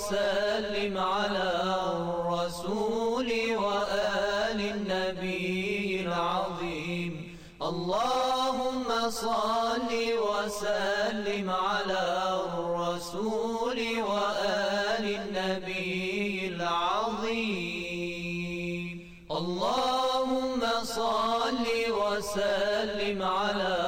وسلم على الرسول وآل النبي العظيم اللهم صل وسلم على الرسول وآل النبي العظيم اللهم صل وسلم على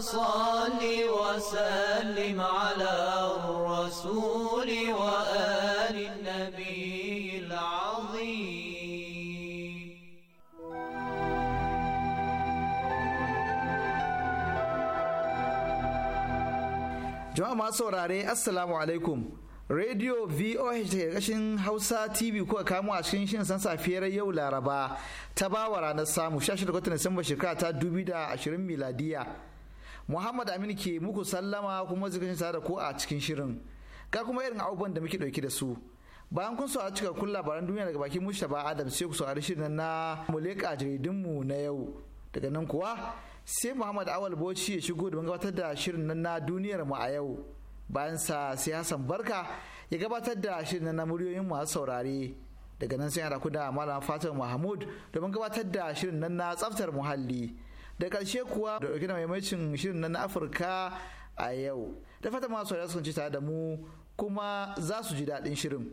صل وسلم على الرسول وآل النبي العظيم جماعة ما saurare Assalamu alaikum Radio VOH ta ƙarshen Hausa TV kuka kamo a cikin shirin san safiyar yau Laraba ta bawa ranar samu 16 ga watan Disamba shekara ta 2020 miladiya. muhammad aminu ke muku sallama kuma zikin tare da ko a cikin shirin ka kuma irin abubuwan da muke dauke da su bayan kun saurari cikakkun labaran duniya daga bakin mustapha adam sai ku saurari shirin na muleka mu na yau daga nan kuwa sai muhammad awal bauchi ya shigo da gabatar da shirin nan na duniyar mu a yau bayan sa sai hassan barka ya gabatar da shirin na muryoyin masu saurare daga nan sai ya ku da malam fatima mahmud domin gabatar da shirin nan na tsaftar muhalli da ƙarshe kuwa da ɗauki da maimacin shirin na afirka a yau da fata masu saurari sun ci tare da mu kuma za su ji daɗin shirin.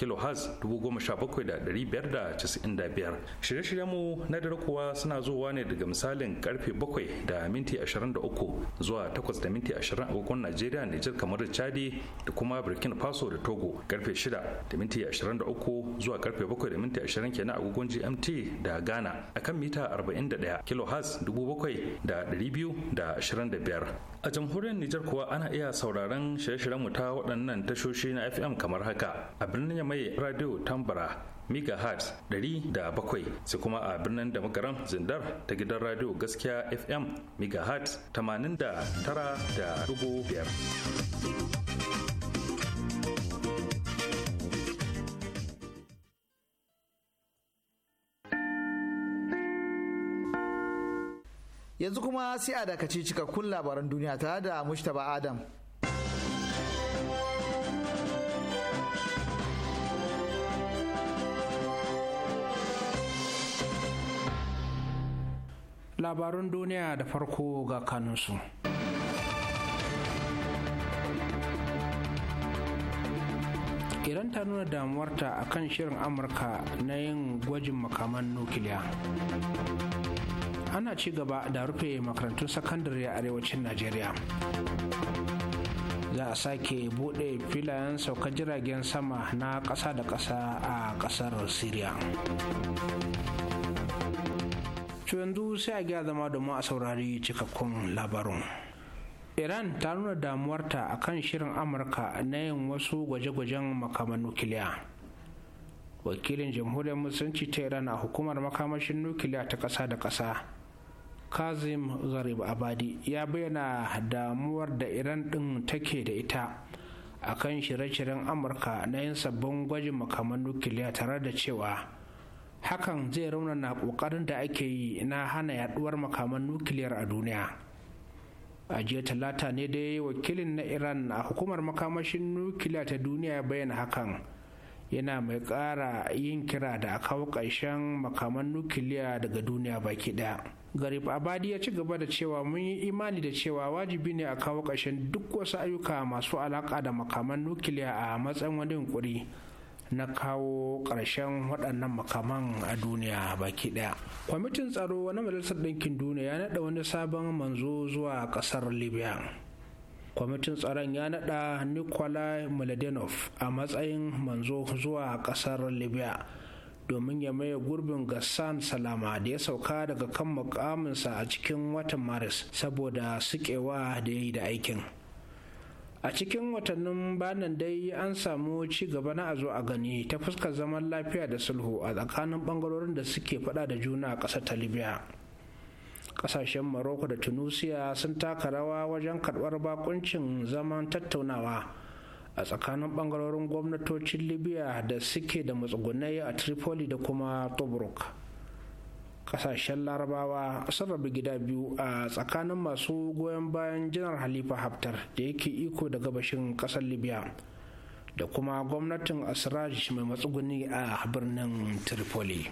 kilohertz 17595 shirye-shiryen mu na dare kuwa suna zuwa ne daga misalin karfe 7 da minti 23 zuwa 8 da minti 20 agogon najeriya nijar kamar da chadi da kuma burkina faso da togo karfe 6 da minti 23 zuwa karfe 7 da minti 20 kenan agogon gmt da ghana akan mita 41 kilohertz 7225 a jamhuriyar nijar kuwa ana iya sauraron shirye-shiryen mu ta waɗannan tashoshi na fm kamar haka a birnin mai radio tambara megahertz 107 sai kuma a birnin da magaram zindar ta gidan radio gaskiya fm megahertz 89.5 yanzu kuma sai a dakaci cikakkun labaran duniya tare da mushtaba adam labarun duniya da farko ga kanunsu. iran ta nuna damuwarta a kan shirin amurka na yin gwajin makaman nukiliya ana ci gaba da rufe makarantun sakandare a arewacin najeriya za a sake bude filayen saukar jiragen sama na ƙasa da ƙasa a ƙasar Siriya. to yanzu sai a gyara zama domin a saurari cikakkun labarun. iran ta nuna damuwarta a kan shirin amurka na yin wasu gwaje-gwajen makaman nukiliya wakilin jamhuriyar musulunci ta iran a hukumar makamashin nukiliya ta ƙasa da ƙasa kazim garib abadi ya bayyana damuwar da iran ɗin take da ita a kan shirye-shiryen amurka na yin sabbin gwajin makaman nukiliya tare da cewa hakan zai raunana kokarin da ake yi na hana yaduwar makaman nukiliyar a duniya a jiya talata ne da ya yi wakilin na iran a hukumar makamashin nukiliya ta duniya ya bayyana hakan yana mai ƙara yin kira da a kawo ƙarshen makaman nukiliya daga duniya baki ɗaya. garib abadi ya ci gaba da cewa mun yi imani da cewa wajibi ne a kawo ƙarshen duk wasu ayyuka masu alaƙa da makaman nukiliya a matsayin wani yunkuri na kawo ƙarshen waɗannan makaman a duniya baki ɗaya. kwamitin tsaro na majalisar ɗinkin duniya ya naɗa wani sabon manzo zuwa ƙasar libya kwamitin tsaron ya naɗa nikolai mladenov a matsayin manzo zuwa ƙasar libya domin ya maye gurbin gassan salama da ya sauka daga kan mukaminsa a cikin watan maris saboda sukewa da ya yi da aikin a cikin watannin banan dai an samu ci gaba na azo a gani ta fuskar zaman lafiya da sulhu a tsakanin bangarorin da suke fada da juna a ƙasar ta libya ƙasashen morocco da tunisia sun taka rawa wajen karɓar bakuncin zaman tattaunawa a tsakanin bangarorin gwamnatocin libya da suke da matsugunai a tripoli da kuma tobruk kasashen larabawa sun rabu gida biyu a tsakanin masu goyon bayan janar halifa haftar da yake iko da gabashin kasar libya da kuma gwamnatin asiraj mai matsuguni a birnin tripoli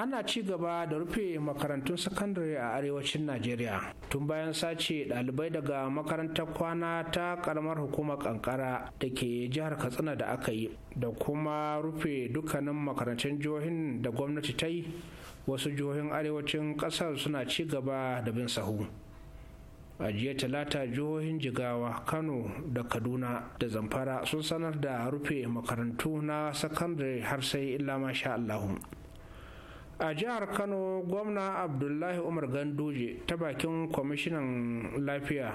ana ci gaba da rufe makarantun sakandare a arewacin najeriya tun bayan sace ɗalibai daga makarantar kwana ta karamar hukumar kankara da ke jihar katsina da aka yi da kuma rufe dukkanin makarantun jihohin da gwamnati ta yi wasu jihohin arewacin ƙasar suna ci gaba da bin sahu a jiya talata jihohin jigawa kano da kaduna da zamfara sun sanar da rufe makarantu na sakandare har sai illa masha allahu a jihar kano gwamna abdullahi umar Gandoje, ta bakin kwamishinan lafiya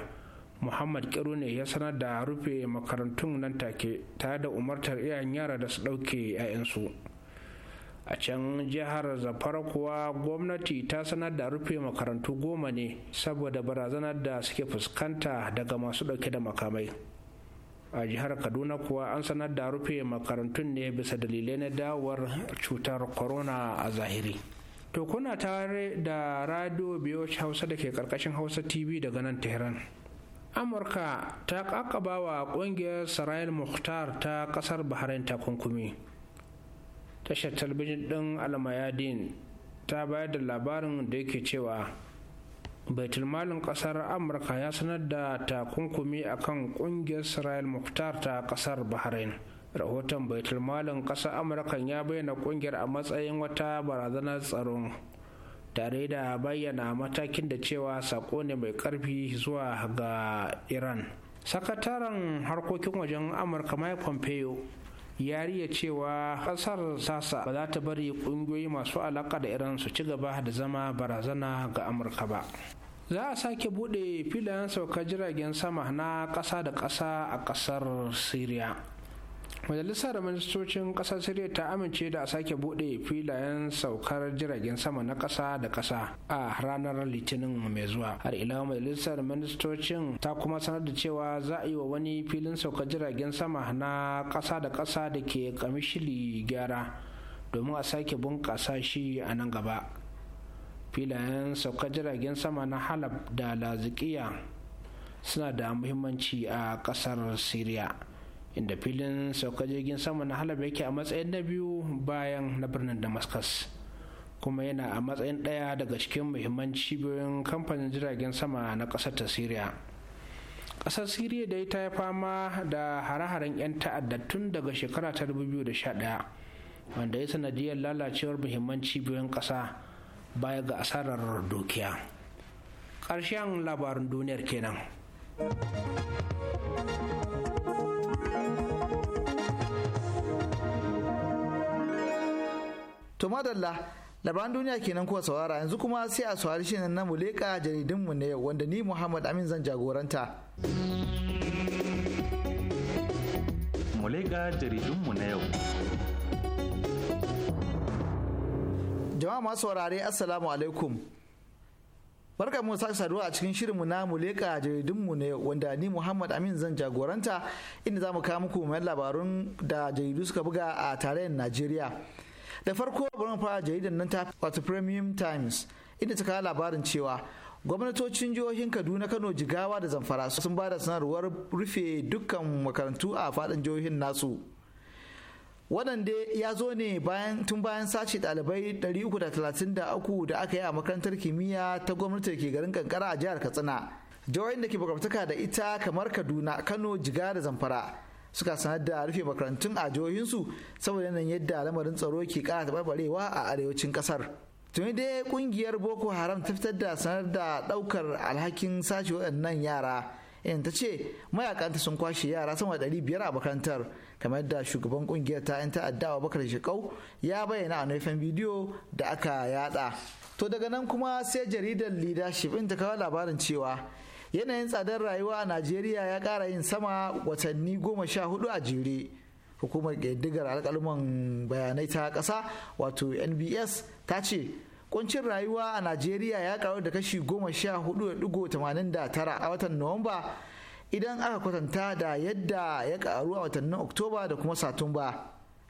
muhammad kiru ne ya sanar da rufe makarantun nan take tare da umartar iyayen yara da su ɗauke 'ya'yansu a can jihar Zafar kuwa gwamnati ta sanar da rufe makarantu goma ne saboda barazanar da suke fuskanta daga masu ɗauke da makamai a jihar kaduna kuwa an sanar da rufe makarantun ne bisa dalilai na dawowar cutar corona a zahiri to kuna tare da radio biyu hausa da ke karkashin hausa tv daga nan tehran amurka ta kakaba wa kungiyar sarayin muhtar ta kasar bahrain takunkumi tashar talbijin din almayadin ta bayar da labarin da yake cewa baitulmalin kasar amurka ya sanar da takunkumi kan kungiyar israel muhtar ta kasar bahrain rahoton baitulmalin kasar amurka ya bayyana kungiyar a matsayin wata barazanar tsaron tare da bayyana matakin da cewa sako ne mai karfi zuwa ga iran sakataren harkokin wajen amurka mike pompeo yariya cewa kasar sasa ba za ta bari kungiyoyi masu alaka da iran su ci gaba da zama barazana ga amurka ba za a sake bude filayen saukar jiragen sama na ƙasa da ƙasa a ƙasar Siriya. majalisar ministocin ƙasar siriya ta amince da a sake bude filayen saukar jiragen sama na ƙasa da ƙasa a ranar litinin mai zuwa har ila majalisar ministocin ta kuma sanar da cewa za a yi wa wani filin saukar jiragen sama na ƙasa da ƙasa da ke kamishili gyara domin a sake bunƙasa shi a nan gaba filayen saukar jiragen sama na halab da lazikiya suna da muhimmanci a ƙasar siriya inda filin saukar jirgin sama na halab yake a matsayin na biyu bayan na birnin damascus kuma yana a matsayin ɗaya daga cikin muhimman cibiyoyin kamfanin jiragen sama na ƙasar ta siriya ƙasar siriya da ita ya fama da hare-haren 'yan ta'adda tun daga shekara ta 2011 wanda ya sanadiyar lalacewar muhimman cibiyoyin ƙasa baya ga asarar dukiya ƙarshen labarin duniyar kenan To madalla labaran duniya kenan kuwa saurara yanzu kuma sai a saurari shi na muleka jaridinmu ne wanda ni Muhammad Amin zan jagoranta. Muleka jaridinmu na yau. Jama'a masu saurare Assalamu alaikum. Barka mu sake saduwa a cikin shirinmu na mu muleka jaridunmu ne wanda ni Muhammad Amin zan jagoranta inda za mu kawo muku mai labarun da jaridu suka buga a tarayyar Najeriya. Da farko bari mu fara jaridan nan ta wato Premium Times inda ta kawo labarin cewa gwamnatocin jihohin Kaduna, Kano, Jigawa da Zamfara sun ba da sanarwar rufe dukkan makarantu a faɗin jihohin nasu. waɗanda ya zo ne tun bayan sace ɗalibai 333 da aka yi a makarantar kimiyya ta gwamnati ke garin kankara a jihar katsina jihohin da ke bakwabtaka da ita kamar kaduna kano jiga da zamfara suka sanar da rufe makarantun a jihohinsu saboda yanayin yadda lamarin tsaro ke ƙara taɓarɓarewa a arewacin kasar tuni dai kungiyar boko haram ta fitar da sanar da ɗaukar alhakin sace waɗannan yara in ta ce mayakanta sun kwashe yara sama da 500 a makarantar kamar yadda shugaban kungiyar ta 'yan ta'adda bakar shekau ya bayyana a naifan bidiyo da aka yada to daga nan kuma sai jaridar leadership in ta kawo labarin cewa yanayin tsadar rayuwa a najeriya ya kara yin sama watanni goma sha hudu a jere hukumar ƙididdigar alƙaluman bayanai ta ƙasa wato nbs ta ce kuncin rayuwa a najeriya ya karu da kashi goma sha hudu da digo tamanin da tara a watan nuwamba idan aka kwatanta da yadda ya karu a watannin oktoba da kuma satumba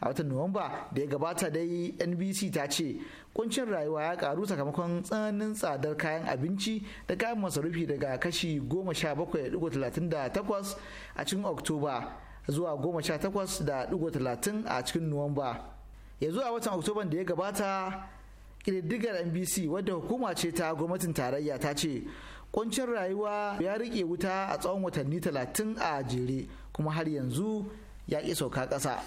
a watan nuwamba da ya gabata dai nbc ta ce kuncin rayuwa ya karu sakamakon tsananin tsadar kayan abinci da kayan masarufi daga kashi 17.38 a cikin oktoba zuwa 18.30 a cikin nuwamba ya zuwa watan oktoba da ya gabata ƙididdigar nbc wadda hukuma ce ta gwamnatin tarayya ta ce kuncin rayuwa ya rike wuta a tsawon watanni talatin a jere kuma har yanzu ya ƙi sauka ƙasa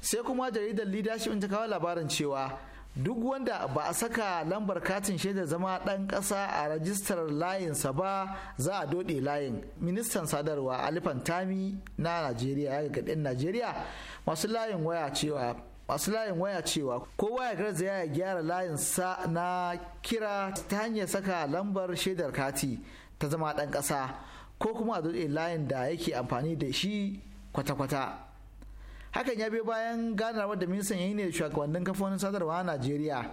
sai kuma jaridar leadership ta kawo labarin cewa duk wanda ba a saka lambar katin shaidar zama ɗan ƙasa a rajistar layinsa ba za a doɗe layin ministan sadarwa alifan tami na najeriya ya ga najeriya masu layin waya cewa masu layin waya cewa kowa ya garza ya gyara layin sa na kira ta hanyar saka lambar shaidar kati ta zama dan kasa ko kuma a dole layin da yake amfani da shi kwata-kwata hakan ya biyo bayan ganawar da ya yi ne shugabannin kafofin sadarwa a najeriya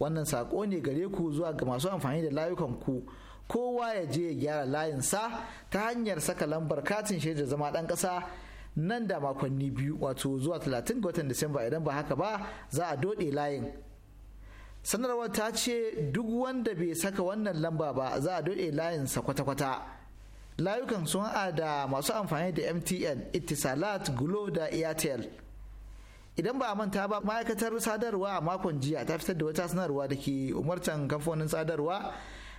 wannan sako ne gare ku zuwa ga masu amfani da layukan ku kowa ya je ya gyara layin sa ta hanyar saka lambar katin shaidar zama dan kasa. nan da makonni biyu wato zuwa 30 ga watan disamba idan ba haka ba za a dode layin sanarwar ta ce duk wanda bai saka wannan lamba ba za a dode layinsa kwata-kwata layukan sun da masu amfani da mtn itisalat glo da airtel idan ba a manta ba ma'aikatar sadarwa a makon jiya ta fitar da wata sanarwa da ke umartan kamfanin sadarwa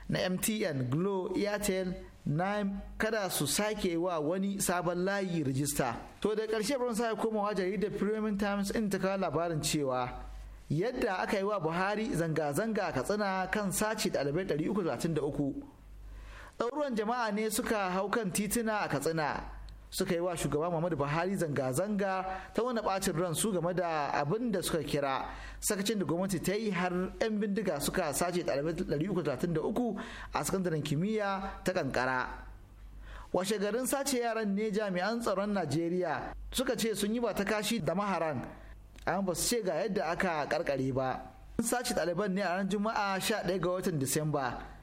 na mtn glo airtel na kada su sake wa wani sabon layi rijista to da ƙarshe barin sa komawa jaridar premium times in ta kawo labarin cewa yadda aka yi wa buhari zanga-zanga katsina kan sace ɗalibai 333 ɗauruwan jama'a ne suka hau kan tituna a katsina suka yi wa shugaba muhammadu buhari zanga-zanga ta wani bacin ran su game da abin da suka kira sakacin da gwamnati ta yi har 'yan bindiga suka sace ɗalibai 333 a sakandaren kimiyya ta kankara washe garin sace yaran ne jami'an tsaron najeriya suka ce sun yi ba ta kashi da maharan an ba su ce ga yadda aka karkare ba sace ɗaliban ne a ran juma'a 11 ga watan disamba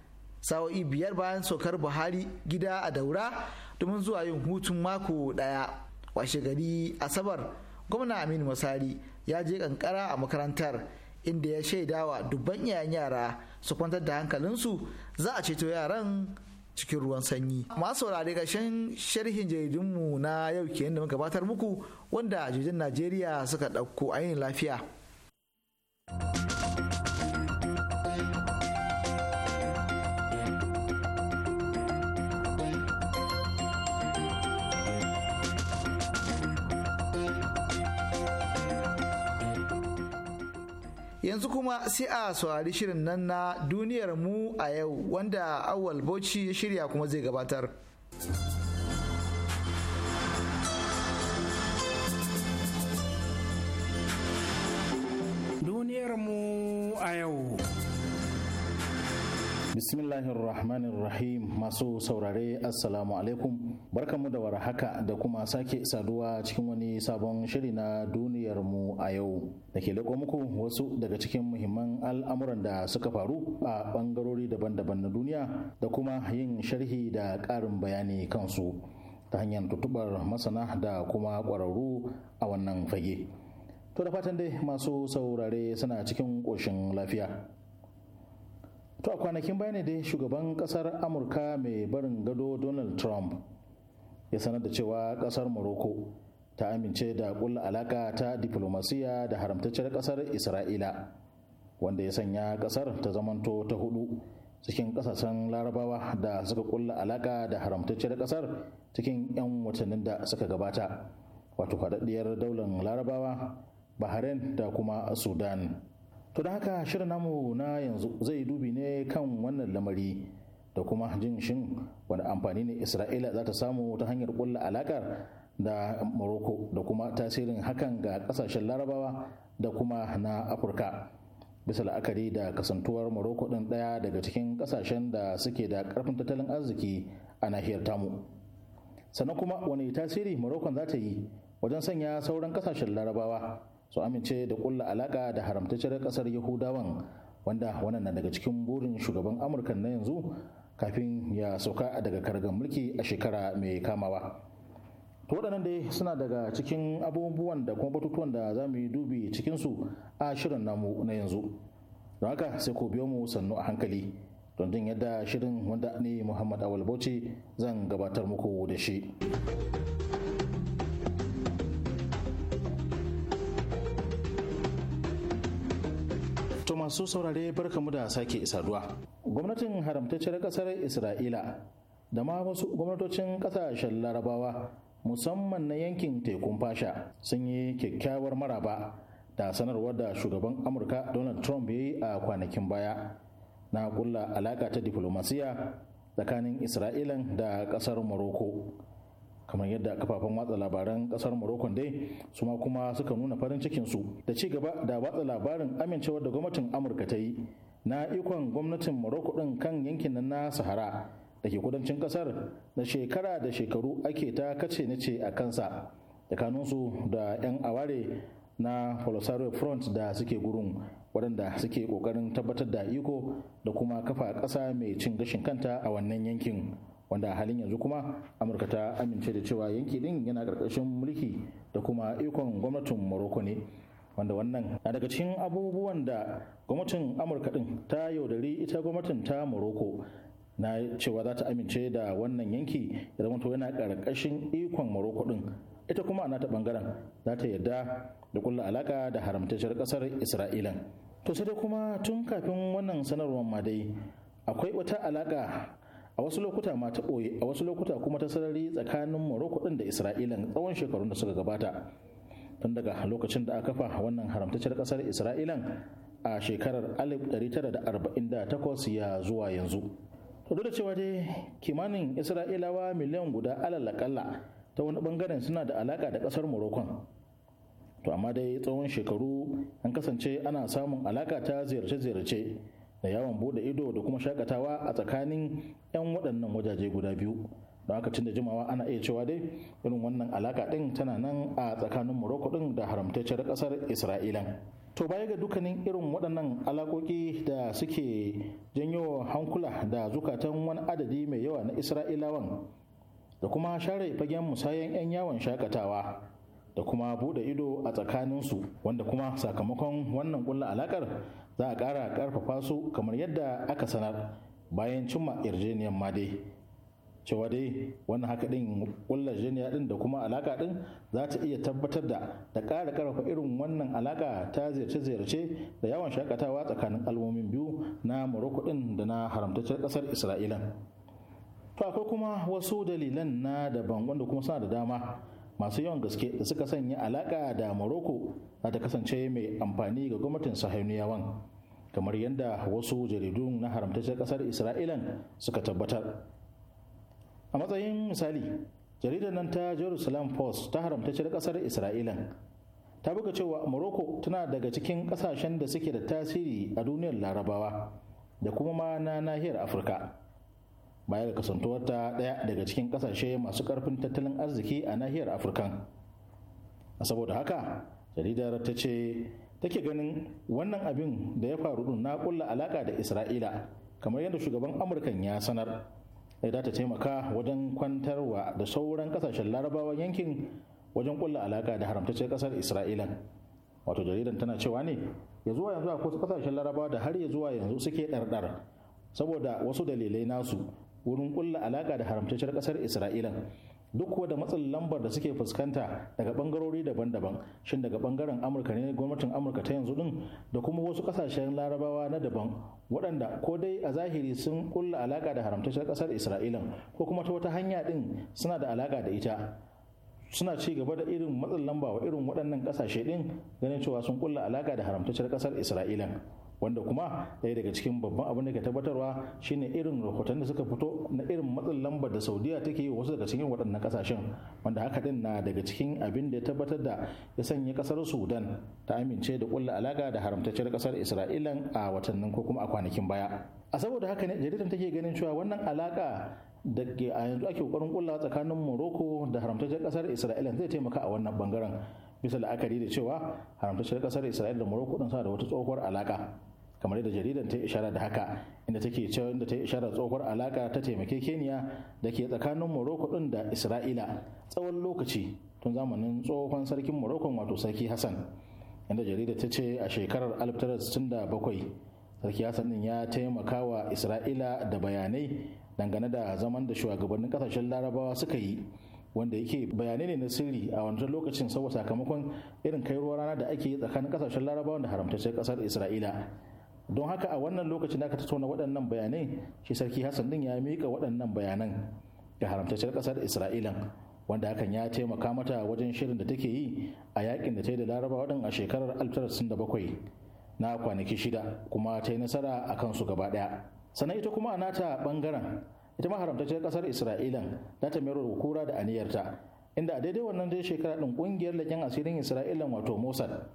sa'o'i biyar bayan saukar buhari gida a daura domin zuwa yin hutun mako daya washe gari asabar gwamna aminu masari ya je kankara a makarantar inda ya shaidawa dubban iyayen yara su kwantar da hankalinsu za a ceto yaran cikin ruwan sanyi masu saurare ƙarshen sharhin jaridunmu na yau kenan da muka gabatar muku wanda jaridun najeriya suka ɗauko ainihin lafiya. yanzu kuma sai a saurari shirin nan na duniyar mu a yau wanda awal bauchi ya shirya kuma zai gabatar duniyar mu a yau Bismillahirrahmanirrahim masu saurare assalamu alaikum barkamu da warhaka da kuma sake saduwa cikin wani sabon shiri na duniyar mu a yau da ke leko muku wasu daga cikin muhimman al'amuran da suka faru a bangarori daban-daban na duniya da kuma yin sharhi da ƙarin bayani kansu ta hanyar tutubar masana da kuma ƙwararru a wannan fage. To da fatan dai masu saurare suna cikin ƙoshin lafiya. To a kwanakin baya ne dai shugaban kasar Amurka mai barin gado Donald Trump ya sanar da cewa kasar Morocco ta amince da kulla alaka ta diplomasiya da haramtacciyar kasar Isra'ila wanda ya sanya kasar ta zamanto ta hudu cikin kasashen larabawa da suka kulla alaka da haramtacciyar kasar cikin 'yan watannin da suka gabata wato faɗaɗɗiyar daular larabawa Bahrain da kuma Sudan. to da haka shirin namu na yanzu zai dubi ne kan wannan lamari da kuma jin shin wani amfani ne isra'ila za ta samu ta hanyar kulla alakar da morocco da kuma tasirin hakan ga kasashen larabawa da kuma na afirka bisa la'akari da kasantuwar morocco ɗin ɗaya daga cikin kasashen da suke da ƙarfin tattalin arziki a nahiyar tamu sannan kuma wani tasiri morocco za ta yi wajen sanya sauran kasashen larabawa su amince da kulla alaka da haramtacciyar kasar yahudawan wanda wannan na daga cikin burin shugaban amurka na yanzu kafin ya sauka daga kargan mulki a shekara mai kamawa waɗannan dai suna daga cikin abubuwan da kuma batutuwan da za mu yi dubi cikinsu a shirin namu na yanzu don haka sai ku biyo mu sannu a hankali don jin yadda shirin wanda ne muhammad awal bauchi zan gabatar muku da shi masu saurare barkamu da sake saduwa. Gwamnatin haramtacciyar kasar Isra'ila da ma wasu gwamnatocin kasashen larabawa musamman na yankin tekun fasha sun yi kyakkyawar maraba da sanarwar da shugaban Amurka Donald Trump ya yi a kwanakin baya na kulla alaka ta diflomasiya tsakanin Isra'ilan da kasar Morocco. kamar yadda kafafen watsa labaran kasar morocco dai su ma kuma suka nuna farin cikin su da ci gaba da watsa labarin amincewar da gwamnatin amurka ta yi na ikon gwamnatin morocco din kan yankin na sahara da ke kudancin kasar da shekara da shekaru ake ta kace na ce a kansa tsakaninsu da 'yan aware na polisario front da suke gurin waɗanda suke ƙoƙarin tabbatar da iko da kuma kafa ƙasa mai cin gashin kanta a wannan yankin. wanda a halin yanzu kuma amurka ta amince da cewa yanki din yana karkashin mulki da kuma ikon gwamnatin morocco ne wanda wannan na daga cikin abubuwan da gwamnatin amurka din ta yaudari ita gwamnatin ta morocco na cewa za ta amince da wannan yanki ya zama yana karkashin ikon morocco din ita kuma na ta bangaren za ta yarda da kulla alaka da haramtacciyar kasar isra'ila to sai dai kuma tun kafin wannan sanarwar ma dai akwai wata alaka a wasu lokuta ma ta ɓoye a wasu lokuta kuma ta sarari tsakanin morocco ɗin da isra'ila tsawon shekarun da suka gabata tun daga lokacin da aka kafa wannan haramtacciyar ƙasar Isra'ila a shekarar 1948 ya zuwa yanzu duk da cewa dai kimanin isra'ilawa miliyan guda alalakalla ta wani bangaren suna da alaka da ƙasar morocco to amma dai tsawon shekaru an kasance ana samun alaka ta ziyarce-ziyarce da yawon bude ido da kuma shakatawa a tsakanin 'yan waɗannan wajaje guda biyu don haka tun da jimawa ana iya cewa dai irin wannan alaka ɗin tana nan a tsakanin morocco ɗin da haramtaccen ƙasar isra'ila to baya ga dukkanin irin waɗannan alaƙoƙi da suke janyo hankula da zukatan wani adadi mai yawa na isra'ilawan da kuma share fagen musayen 'yan yawon shakatawa da kuma buɗe ido a tsakaninsu wanda kuma sakamakon wannan ƙulla alaƙar za a ƙara ƙarfafa su kamar yadda aka sanar bayan cimma yarjejeniyar ma dai cewa dai wannan haka din kullar jeniya din da kuma alaka din za ta iya tabbatar da da ƙara ƙarfafa irin wannan alaka ta ziyarce-ziyarce da yawan shakatawa tsakanin almomin biyu na Morocco din da na haramtaccen ƙasar Isra'ila. To akwai kuma wasu dalilan na daban wanda kuma suna da dama masu yawan gaske da suka sanya alaka da Morocco za ta kasance mai amfani ga gwamnatin Sahiyuniyawan. kamar yadda wasu jaridun na haramtaccen kasar isra'ilan suka tabbatar a matsayin misali jaridar nan ta jerusalem post ta haramtaccen kasar isra'ilan ta buga cewa morocco tana daga cikin kasashen da suke da tasiri a duniyar larabawa da kuma ma na nahiyar afirka baya da kasantuwarta daya daga cikin kasashe masu karfin tattalin arziki a nahiyar afirkan saboda haka jaridar ta ce take ganin wannan abin da ya faru din na kulla alaka da isra'ila kamar yadda shugaban amurkan ya sanar da ta taimaka wajen kwantarwa da sauran kasashen larabawan yankin wajen kulla alaka da haramtaccen kasar isra'ila wato jaridan tana cewa ne ya zuwa yanzu akwai kasashen larabawa da har ya zuwa yanzu suke ɗarɗar saboda wasu dalilai nasu wurin kulla alaka da haramtaccen kasar isra'ila duk da matsin lambar da suke fuskanta daga bangarori daban-daban shin daga bangaren amurka ne gwamnatin amurka ta yanzu din da kuma wasu kasashen larabawa na daban waɗanda ko dai a zahiri sun kulla alaka da haramtacciyar ƙasar isra'ila ko kuma ta wata hanya din suna da alaka da ita suna ci gaba da irin matsin lamba wa irin waɗannan ƙasashe din ganin cewa sun kulla alaka da haramtacciyar ƙasar isra'ila wanda kuma ɗaya daga cikin babban abin da ke tabbatarwa shine irin rahoton da suka fito na irin matsin lambar da saudiya take yi wasu daga cikin waɗannan ƙasashen wanda haka din na daga cikin abin da ya tabbatar da ya sanya ƙasar sudan ta amince da ƙulla alaƙa da haramtacciyar ƙasar isra'ila a watannin ko kuma a kwanakin baya a saboda haka ne jaridar take ganin cewa wannan alaƙa da ke a yanzu ake ƙoƙarin ƙulla tsakanin morocco da haramtacciyar ƙasar isra'ila zai taimaka a wannan bangaren bisa la'akari da cewa haramtacciyar kasar isra'il da morocco din suna da wata tsohuwar alaka kamar yadda jaridar ta ishara da haka inda take cewa inda ta ishara tsohuwar alaka ta taimakekeniya da ke tsakanin Morocco din da Isra'ila tsawon lokaci tun zamanin tsohon sarkin Morocco wato sarki Hassan inda jaridar ta ce a shekarar 1967 sarki Hassan din ya taimaka wa Isra'ila da bayanai dangane da zaman da shugabannin kasashen Larabawa suka yi wanda yake bayanai ne na sirri a wancan lokacin saboda sakamakon irin kai ruwa rana da ake yi tsakanin kasashen larabawa da haramtaccen kasar isra'ila don haka a wannan lokacin da aka tattauna waɗannan bayanai shi sarki hassan din ya mika waɗannan bayanan ga haramtacciyar ƙasar isra'ila wanda hakan ya taimaka mata wajen shirin da take yi a yakin da ta yi da larabawa din a shekarar 1967 na kwanaki shida kuma ta yi nasara a kansu gaba ɗaya sannan ita kuma a nata bangaren ita ma haramtacciyar ƙasar isra'ila za ta mayar da kura da aniyarta inda a daidai wannan dai shekara ɗin ƙungiyar leƙen asirin Isra'ila wato mossad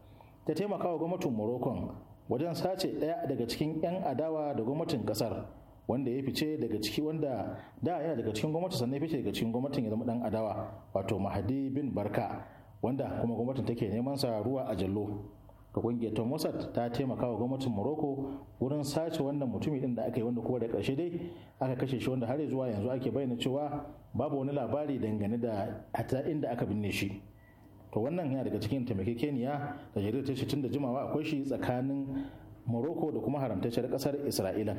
ta taimaka wa gwamnatin morocco wajen sace ɗaya daga cikin 'yan adawa da gwamnatin ƙasar wanda ya fice daga ciki wanda da yana daga cikin gwamnati sannan ya fice daga cikin gwamnatin ya zama ɗan adawa wato mahadi bin barka wanda kuma gwamnatin take neman sa ruwa a jallo ga kungiyar tom mossad ta taimaka wa gwamnatin morocco wurin sace wannan mutumi din da aka yi wanda kuma da ƙarshe dai aka kashe shi wanda har zuwa yanzu ake bayyana cewa babu wani labari dangane da hata inda aka binne shi to wannan yana daga cikin keniya da jaridar ta tun da jimawa akwai shi tsakanin morocco da kuma haramtacciyar kasar isra'ila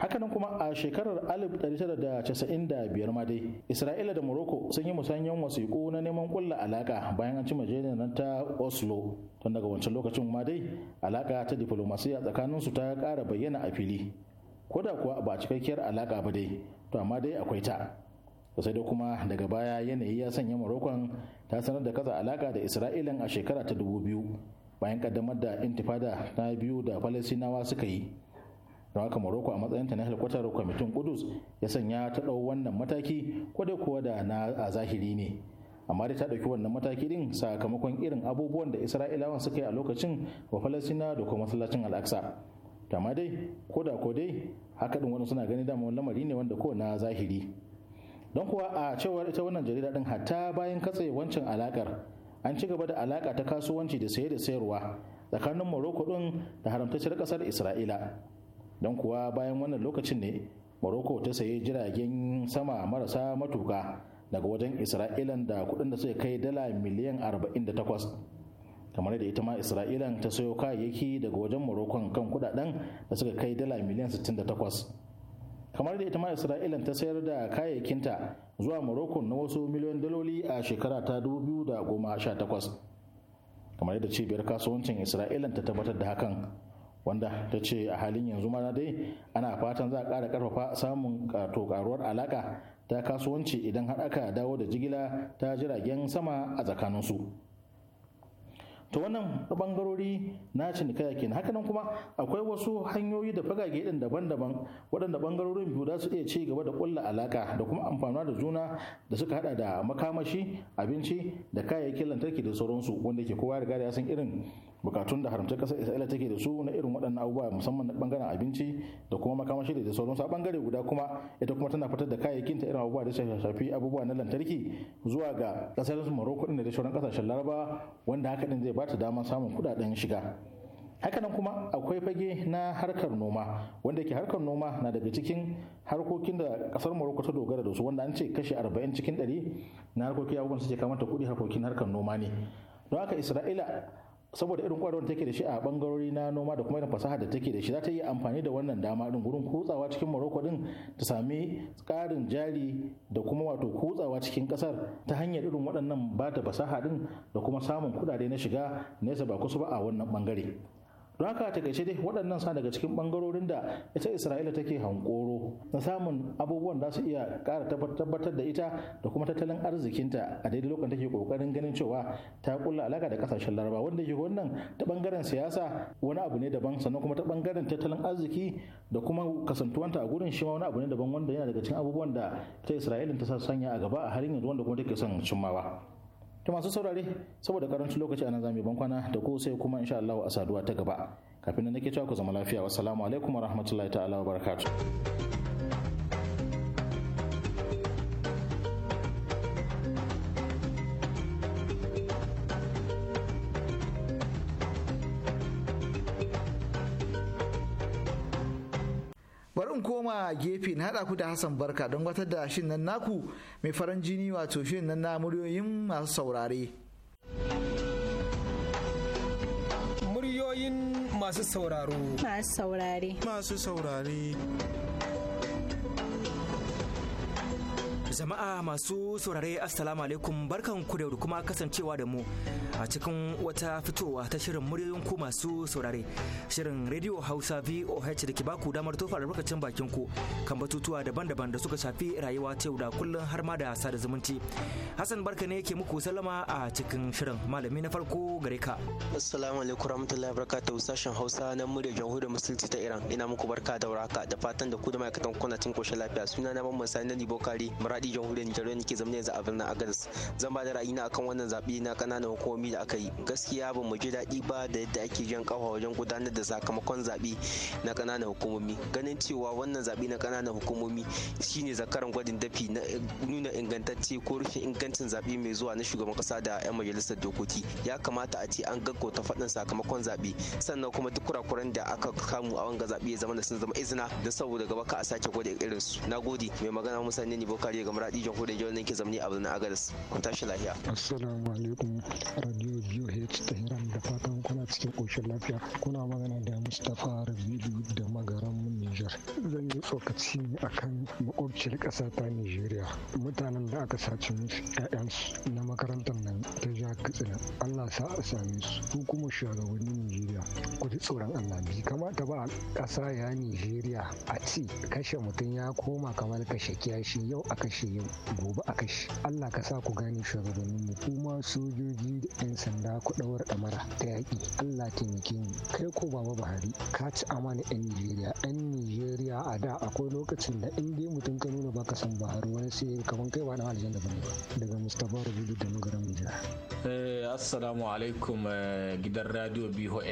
hakanan kuma a shekarar 1995 ma dai isra'ila da morocco sun yi musanyen wasiƙu na neman kulla alaƙa bayan an ci majaliyar nan ta oslo tun daga wancan lokacin ma dai alaƙa ta tsakanin tsakaninsu ta kara bayyana a fili ko da kuwa ba cikakkiyar alaka ba dai to amma dai akwai ta sai dai kuma daga baya yanayi ya sanya marokon ta sanar da kaza alaka da isra'ilan a shekara ta dubu biyu bayan kaddamar da intifada na biyu da falasinawa suka yi don haka maroko a matsayinta na halkwatar kwamitin kudus ya sanya ta ɗau wannan mataki ko da kuwa da na a zahiri ne amma dai ta ɗauki wannan mataki din sakamakon irin abubuwan da isra'ilawan suka yi a lokacin wa falasina da kuma masallacin al'aksa amma dai ko da ko dai haka din wani suna ganin dama lamari ne wanda ko na zahiri don kuwa a cewar ita wannan jarida din hatta bayan katse wancan alakar an ci gaba da alaka ta kasuwanci da saye da sayarwa tsakanin Morocco din da haramtacciyar kasar Isra'ila don kuwa bayan wannan lokacin ne Morocco ta sayi jiragen sama marasa matuka daga wajen Isra'ilan da kuɗin da suka kai dala miliyan 48 kamar da ita ma isra'ilan ta sayo kayayyaki daga wajen morocco kan kudaden da suka kai dala miliyan 68 kamar da ita ma isra'ila ta sayar da kayayyakinta zuwa morocco na wasu miliyan daloli a shekara ta 2018 kamar da cibiyar kasuwancin isra'ilan ta tabbatar da hakan wanda ta ce a halin yanzu ma dai ana fatan za a ƙara ƙarfafa samun to karuwar alaƙa ta kasuwanci idan har aka dawo da jigila ta jiragen sama a tsakaninsu. su to wannan bangarori na cinikaya kenan hakanan kuma akwai wasu hanyoyi da fagage din daban-daban waɗanda bangarorin biyu za su iya ci gaba da kulla alaka da kuma amfanuwa da juna da suka hada da makamashi abinci da kayayyakin lantarki da sauransu wanda ke kowa riga da ya irin bukatun da haramtar kasar isra'ila take da su na irin waɗannan abubuwa musamman na bangaren abinci da kuma makamashi da sauransu a bangare guda kuma ita kuma tana fitar da kayayyakin ta irin abubuwa da shafi abubuwa na lantarki zuwa ga ƙasar morocco din da sauran ƙasashen laraba wanda haka din zai ba ta damar samun kuɗaɗen shiga hakanan kuma akwai fage na harkar noma wanda ke harkar noma na daga cikin harkokin da kasar maroko ta dogara da su wanda an ce kashi 40 cikin 100 na harkokin abubuwan suke kamata kudi harkokin harkar noma ne don haka Isra'ila saboda irin kwarewar take da shi a bangarori na noma da kuma irin fasaha da take da shi za ta yi amfani da wannan dama din gurin kutsawa cikin Morocco din ta sami karin jari da kuma wato kutsawa cikin kasar ta hanyar irin waɗannan ba ta fasaha din da kuma samun kudade na shiga nesa ba kusa ba a wannan bangare don haka ta gaishe dai waɗannan sa daga cikin ɓangarorin da ita isra'ila take hankoro na samun abubuwan da su iya ƙara tabbatar da ita da kuma tattalin arzikinta a daidai lokacin take ƙoƙarin ganin cewa ta ƙulla alaka da ƙasashen laraba wanda ke wannan ta ɓangaren siyasa wani abu ne daban sannan kuma ta ɓangaren tattalin arziki da kuma kasantuwanta a gurin shi ma wani abu ne daban wanda yana daga cikin abubuwan da ita isra'ila ta sanya a gaba a halin yanzu wanda kuma take son cimmawa. To masu saurare saboda karancin lokaci a nan zamu ban kwana da ku sai kuma insha Allah a saduwa ta gaba. Kafin nan nake cewa ku zama lafiya. Wassalamu alaikum warahmatullahi ta'ala wabarakatuh. koma gefe na haɗa ku da Hassan Barka don watar da shin nan naku mai farin jini wato shin nan na muryoyin masu saurare. Muryoyin masu sauraro. Masu saurare. Masu saurare. Jama'a masu saurare Assalamu alaikum barkan ku da kuma kasancewa da mu a cikin wata fitowa ta shirin muryoyin ku masu saurare. Shirin Radio Hausa VOH da ke baku damar tofa lokacin bakin ku kan batutuwa daban-daban da suka shafi rayuwa ta yau da kullum har ma da sada zumunci. Hassan barka ne ke muku salama a cikin shirin malami na farko gare ka. Assalamu alaikum warahmatullahi wabarakatuh sashen Hausa na murya jamhuriyar musulunci ta Iran ina muku barka da warhaka da fatan da ku da ma'aikatan kuna cin koshin lafiya suna na mamman sani na Libokari muradi maradi jamhuriyar nijar wanda ke zama yanzu a birnin agadas zan ba da ra'ayi na akan wannan zaɓe na ƙananan hukumomi da aka yi gaskiya ba mu ji daɗi ba da yadda ake jan kafa wajen gudanar da sakamakon zaɓe na ƙananan hukumomi ganin cewa wannan zaɓe na ƙananan hukumomi shine zakaran gwadin dafi na eh, nuna ingantacce ko rufe ingancin zaɓe mai zuwa na shugaban kasa da 'yan majalisar dokoki ya kamata a ce an gaggauta faɗin sakamakon zaɓe sannan kuma duk kurakuran da aka kamu a wanga zaɓe ya zama da sun zama izina don saboda gaba ka a sake gwada irinsu na gode mai magana musa ne ne bokari ga maradi jamhuriyar jihar nake zamani a birnin agadas kun tashi lafiya assalamu alaikum radio tehran da fatan kuna cikin koshin lafiya kuna magana da mustapha rabidu da magaran niger zan yi tsokaci a akan makwabciyar ƙasa ta nigeria mutanen da aka sace musu 'ya'yansu na makarantar nan ta jihar katsina allah sa a same su ku kuma shugabannin nigeria ku ji tsoron allah bi kamata ba ƙasa ya nigeria a ci kashe mutum ya koma kamar kashe kiyashi yau a kashe kashe yau gobe a kashe allah ka sa ku gane shugabannin mu kuma sojoji da 'yan sanda ku ɗawar ɗamara ta yaƙi allah taimake mu kai ko baba buhari ka ci amana 'yan nijeriya 'yan nijeriya a da akwai lokacin da in dai mutum ka nuna baka san buhari wani sai kamar kai ba na da bane ba daga mustapha Rubidu da magaran nijar. Eh, assalamu alaikum eh, gidan radio boh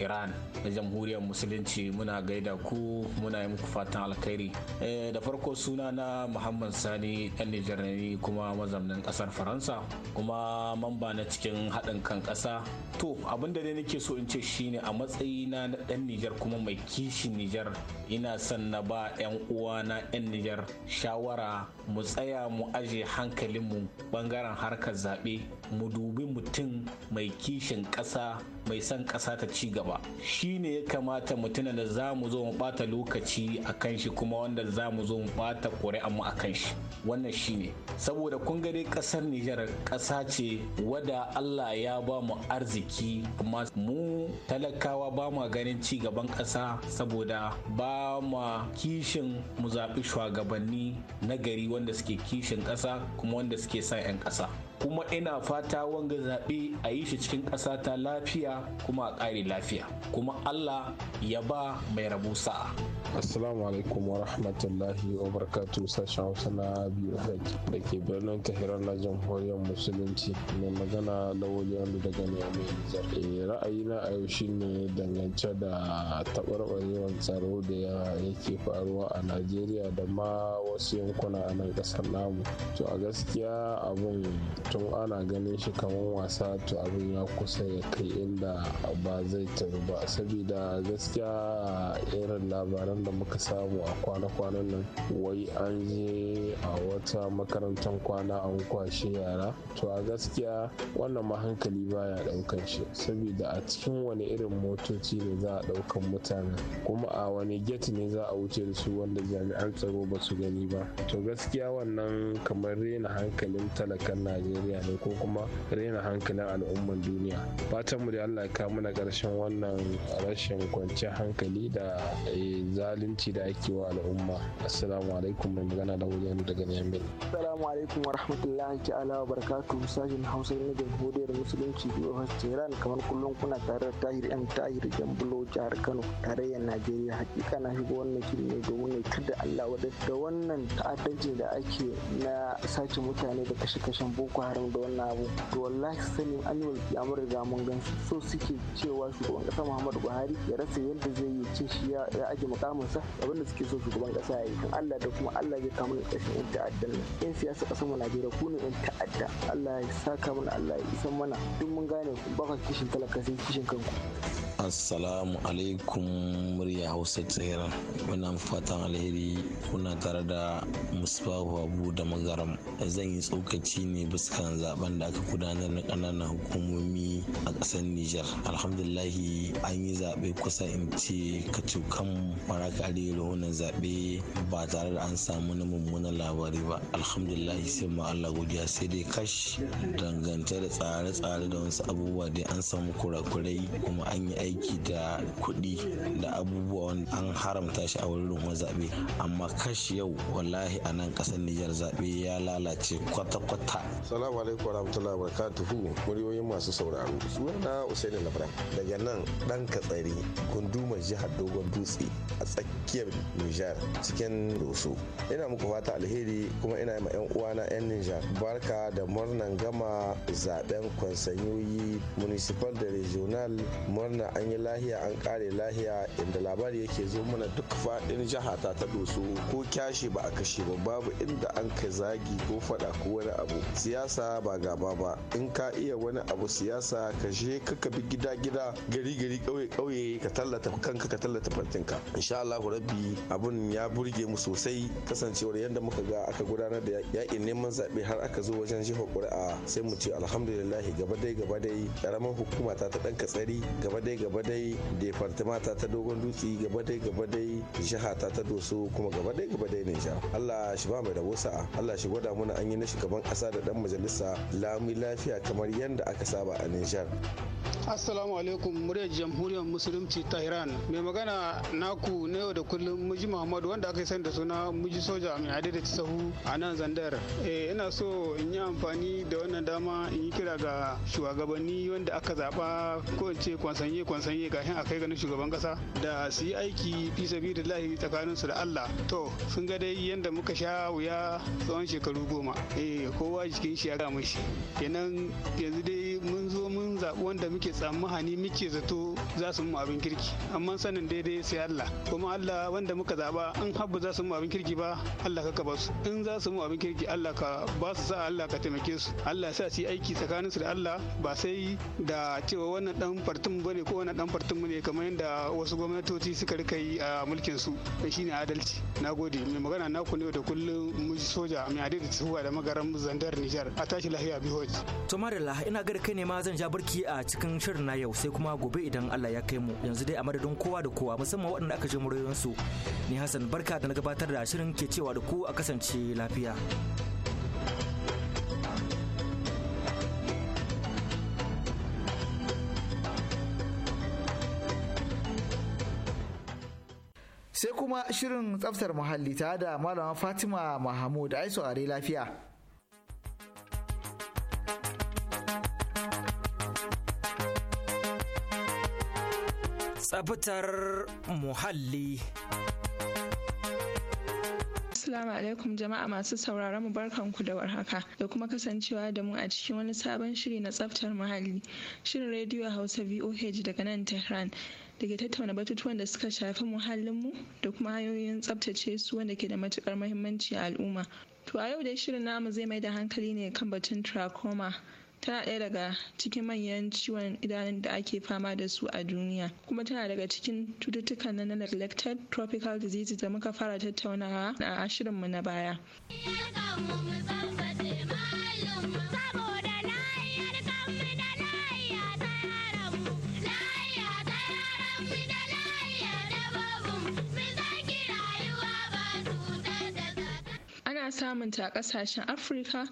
iran na jamhuriyar musulunci muna gaida ku muna yi muku fatan alkhairi eh, da farko suna na muhammad sani ɗan Nijar kuma mazamnan ƙasar Faransa kuma mamba na cikin haɗin kan ƙasa. To abin da dai nake so in ce shine a matsayina na ɗan Nijar kuma mai kishin Nijar ina son na ba 'yan uwa na 'yan Nijar shawara mu tsaya mu aje hankalinmu bangaren harkar zaɓe mu dubi mutum mai kishin ƙasa mai son ƙasa ta ci gaba shi ne ya kamata mutumin da za mu zo mu ɓata lokaci a kan shi kuma wanda za mu zo mu ɓata ƙuri'anmu a kan shi wannan shi ne saboda kungare ƙasar nijar ƙasa ce wada allah ya ba mu arziki amma mu talakawa ba ma ganin ci gaban ƙasa saboda ba ma kishin mu zaɓi shugabanni na gari wanda suke kishin ƙasa kuma wanda suke sa 'yan ƙasa kuma ina fata wanga zaɓe a yi shi cikin ƙasa ta lafiya kuma a ƙare lafiya kuma Allah ya ba mai rabu sa'a. Assalamu alaikum wa rahmatullahi wa barakatu sashen Hausa na biyu da ke birnin tahirar na jamhuriyar Musulunci mai magana lawali wanda daga Niamey Nijar. Eh, na a yau shine dangance da taɓarɓarewar tsaro da yake faruwa a Najeriya da ma wasu yankuna a nan ƙasar namu. To a gaskiya abun tun ana ganin shi kamar wasa to abin ya kusa ya kai inda ba zai taru ba saboda gaskiya irin labaran da muka samu a kwana-kwanan nan wai an je a wata makarantar kwana an kwashe yara to a gaskiya wannan ma hankali baya daukan shi saboda a cikin wani irin motoci ne za a daukan mutane kuma a wani get ne za a wuce da su wanda jami'an tsaro ba su gani ba to gaskiya wannan kamar rena hankalin talakan najeriya najeriya ne ko kuma raina hankalin al'umman duniya fatan mu da Allah ya kawo mana karshen wannan rashin kwanciyar hankali da eh, zalunci da ake wa al'umma assalamu alaikum mai magana da wajen daga Niamey assalamu alaikum wa rahmatullahi ta'ala wa barkatu sashen Hausa na jamhuriyar musulunci a Tehran kamar kullum kuna tare da Tahir M Tahir Jambulo jihar Kano tarayyar Najeriya hakika na shiga wannan shiri ne domin ne kada Allah wadda da wannan ta'addanci da ake na sace mutane da kashe-kashen Boko Haram da wannan abu to wallahi sanin annual yi da gansu so suke cewa shugaban kasa muhammadu buhari ya rasa yadda zai yi ce shi ya aje mukaminsa abinda suke so shugaban kasa ya yi kan allah da kuma allah zai kama ƙarshen yan ta'adda nan yan siyasa ƙasar mu najeriya ku ne yan ta'adda allah ya saka mana allah ya isan mana duk mun gane ba ka kishin talaka sai kishin kanku assalamu alaikum murya hausa tsira muna fatan alheri kuna tare da musbahu abu da magaram zan yi tsokaci ne bisa zaben da aka gudanar na ƙananan hukumomi a ƙasar Nijar. Alhamdulillahi an yi zaɓe kusa in ce kacukan marakari wannan zaɓe ba tare da an samu na mummunan labari ba. Alhamdulahi sai ma Allah godiya sai dai kash dangance da tsare-tsare da wasu abubuwa dai an samu kurakurai kuma an yi aiki da kuɗi da abubuwa an haramta shi a wurin ruwan zaɓe amma kash yau wallahi a nan kasar Nijar zaɓe ya lalace kwata-kwata. Salamu alaikum warahmatullahi wabarakatuhu muryoyin masu sauraro. na usaini labra daga nan dan katsari gundumar jihar dogon dutse a tsakiyar nijar cikin doso ina muku fata alheri kuma ina ma yan uwana yan nijar barka da murnan gama zaben kwansanyoyi municipal da regional murna an yi lahiya an kare lahiya inda labari yake zo mana duk faɗin jiha ta ta doso ko kyashi ba a kashe ba babu inda an kai zagi ko faɗa ko wani abu siyasa ba gaba ba in ka iya wani abu siyasa ka je ka bi gida gida gari gari kauye kauye ka tallata kanka ka tallata fartinka insha Allah rabbi abun ya burge mu sosai kasancewar yadda muka ga aka gudanar da yakin neman zaɓe har aka zo wajen jiha ƙuri'a sai mu ce alhamdulillah gaba dai gaba dai karamar hukuma ta ta ɗan katsari gaba dai gaba dai departima ta ta dogon dutse gaba dai gaba dai jiha ta ta doso kuma gaba dai gaba dai nijar Allah shi ba mai rabo sa'a Allah shi gwada mana an yi na shugaban ƙasa da ɗan majalisa lami lafiya kamar yadda aka saba a Nijar Assalamu alaikum muryar jamhuriyar musulunci ta Iran. Mai magana naku na yau da kullum Muji Muhammad wanda aka sani da suna Muji Soja mai adai da sahu a nan Zandar. Eh ina so in yi amfani da wannan dama in yi kira ga shugabanni wanda aka zaba ko in ce kwansanye kwansanye kafin a kai ganin shugaban kasa da su yi aiki fi sabilillahi tsakanin su da Allah. To sun ga dai yanda muka sha wuya tsawon shekaru goma. Eh kowa jikin shi ya ga mishi. Kenan yanzu dai mun zo mun zaɓi wanda muke hani muke zato za su mu abin kirki amma sanin daidai sai Allah kuma Allah wanda muka zaba in habu za su mu abin kirki ba Allah ka kaba su in za su mu abin kirki Allah ka ba su sa Allah ka taimake su Allah sa su aiki tsakanin su da Allah ba sai da cewa wannan dan fartun bane ko wannan dan fartun ne kamar yadda wasu gwamnatoci suka rika yi a mulkin su shine adalci nagode mai magana naku ne da kullum mu soja mai adalci da magaran zandar Nijar a tashi lahiya bihoji to ina ga kai ne ma zan ja barki ciki a cikin shirin na yau sai kuma gobe idan Allah ya kai mu yanzu dai a madadin kowa da kowa musamman waɗanda aka ji su ni Hassan barka da na gabatar da shirin ke cewa da ku a kasance lafiya. sai kuma shirin tsaftar muhalli ta da malama fatima mahamud ai are lafiya tsabtar muhalli. Assalamu alaikum jama'a masu sauraron mu barkanku da warhaka da kuma kasancewa da mu a cikin wani sabon shiri na tsaftar muhalli. Shirin rediyo Hausa VOH daga nan Tehran da ke tattauna batutuwan da suka shafi muhallinmu da kuma hanyoyin tsaftace su wanda ke da matukar muhimmanci a al'umma. To a yau dai shirin namu zai mai da hankali ne kan batun trachoma tana ɗaya daga cikin manyan ciwon idanun da ake fama da su a duniya kuma tana daga cikin cututtukan na neglected tropical diseases da muka fara tattaunawa a ashirinmu na baya. Ana samunta a ƙasashen Afirka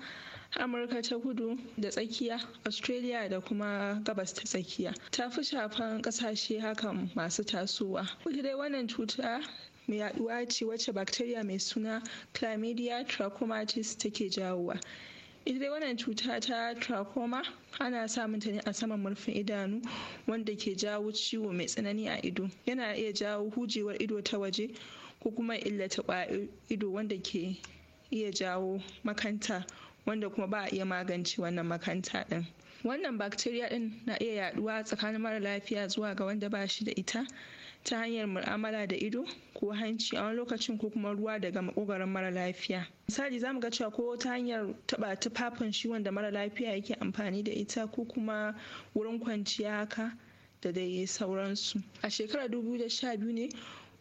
amurka ta kudu da tsakiya australia da kuma gabas ta tsakiya ta fi shafan kasashe hakan masu tasowa ita dai wannan cuta mai yaduwa ce wacce bacteria mai suna chlamydia trachomatis take jawowa ita dai wannan cuta ta trachoma ana samun ta ne a saman murfin idanu wanda ke jawo ciwo mai tsanani a ido yana iya jawo hujewar ido ta waje ko kuma illata ido wanda ke iya jawo makanta wanda kuma ba a iya magance wannan makanta ɗin wannan bacteria din na iya yaɗuwa tsakanin mara lafiya zuwa ga wanda ba shi da ita ta hanyar mu'amala da ido ko hanci a wani lokacin ko kuma ruwa daga makogaron mara lafiya misali zamu ga cewa ko ta hanyar taba tufafin shi wanda mara lafiya yake amfani da ita ko kuma wurin kwanciya haka da dai sauransu a shekarar biyu ne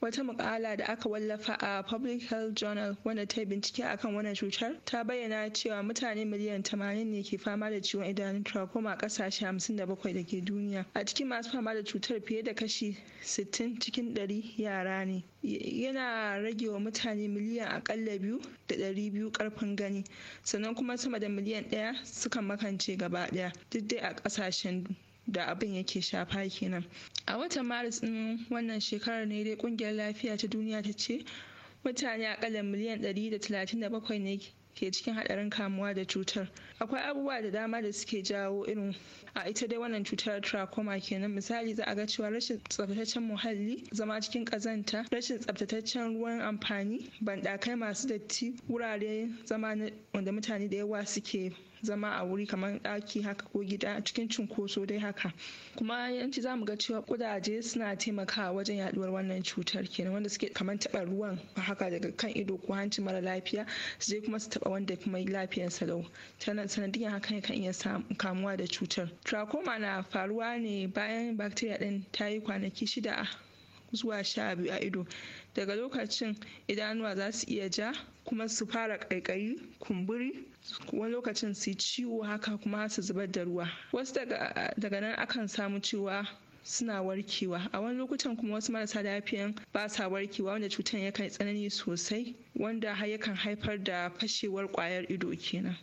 wata muƙala da aka wallafa a public health journal wanda ta yi bincike akan wannan cutar ta bayyana cewa mutane miliyan tamanin ne ke fama da ciwon idanun trachoma a kasashe 57 da ke duniya a cikin masu fama da cutar fiye da kashi 60 cikin 100 yara ne yana rage wa mutane miliyan akalla biyu da ɗari biyu karfin gani sannan kuma sama da miliyan ɗaya sukan makance gaba ɗaya duk dai a ƙasashen da abin yake shafa kenan a watan maris ɗin wannan shekarar ne dai ƙungiyar lafiya ta duniya ta ce mutane akalla miliyan 137 ne ke cikin haɗarin kamuwa da cutar akwai abubuwa da dama da suke jawo irin a ita dai wannan cutar trachoma kenan misali za a ga cewa rashin tsaftataccen muhalli zama cikin kazanta rashin tsaftataccen ruwan amfani banɗakai masu datti wurare zama wanda mutane da yawa suke zama a wuri kamar daki haka ko gida cikin cunkoso dai haka kuma yanci za mu ga cewa kudaje suna taimakawa wajen yaduwar wannan cutar kenan wanda suke kamar taɓa ruwan haka daga kan ido ko hanci mara lafiya su je kuma su taɓa wanda kuma lafiyarsa lau sanadiyan haka kan iya kamuwa da cutar trachoma na faruwa ne bayan bacteria ɗin ta yi kwanaki shida zuwa sha biyu a ido daga lokacin idanuwa za su iya ja kuma su fara ƙaiƙayi kumburi wani lokacin su ciwo haka kuma su zubar da ruwa wasu daga nan akan samu cewa suna warkewa a wani lokutan kuma wasu marasa lafiyan ba sa warkewa wanda ya yakan tsanani sosai wanda yakan haifar da fashewar kwayar ido kenan.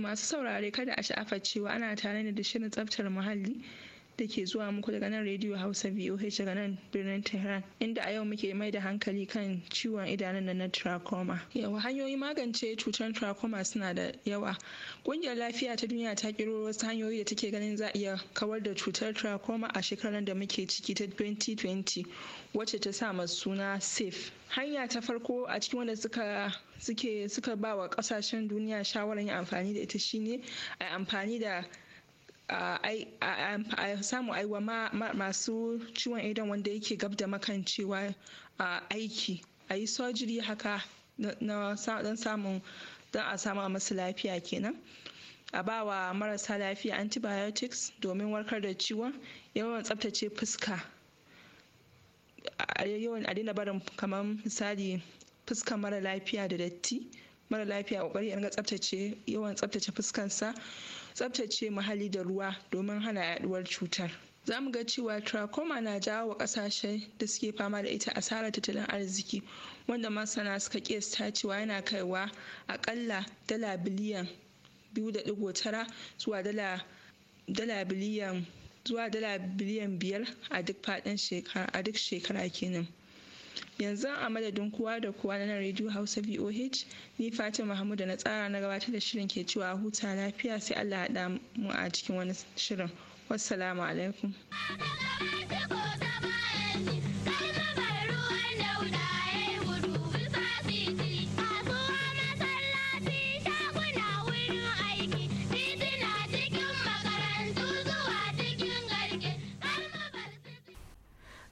masu saurare kada a sha'afa cewa ana tare ne da shirin tsaftar muhalli da ke zuwa muku daga nan Radio Hausa VOH daga nan birnin Tehran inda a yau muke mai da hankali kan ciwon idanun na trachoma. Yawa hanyoyin magance cutar trachoma suna da yawa. Ƙungiyar lafiya ta duniya ta kiro wasu hanyoyi da take ganin za iya kawar da cutar trachoma a shekarar da muke ciki ta 2020 wacce ta sa masu suna SAFE. Hanya ta farko a cikin wanda suka suke suka ba wa kasashen duniya shawarar yin amfani da ita shine a amfani da Ah, a samu aiwa masu ciwon idon wanda yake gab da makancewa aiki a yi sojiri haka don samun don a samu masu lafiya kenan a ba wa marasa lafiya antibiotics domin warkar da ciwon yawan tsabtace fuska a yawan adina barin kamar misali fuska mara lafiya da datti mara lafiya kokari yanga tsabtace yawan tsabtace fuskansa tsabtace muhalli da ruwa domin hana yaduwar cutar za mu ga cewa trachoma na jawo wa kasashe da suke fama da ita asarar tattalin arziki wanda masana suka kesta cewa yana kaiwa akalla dala biliyan 2.9 zuwa dala dala biliyan zuwa dala biliyan biyar a duk faɗin a duk shekara kenan yanzu a madadin kowa da kowa na radio hausa voh ni fatima da na tsara na gabatar da shirin ke cewa huta lafiya sai allah ya mu a cikin wani shirin wassalamu alaikum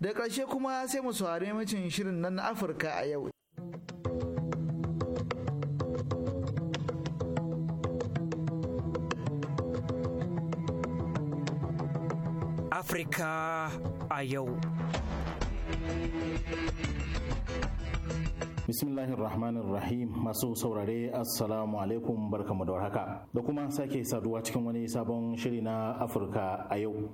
da ƙarshe kuma sai mu saurari mucin shirin nan na afirka a yau afirka a yau rahim, masu saurare assalamu alaikum barkamu da warhaka da kuma sake saduwa cikin wani sabon shiri na Afirka a yau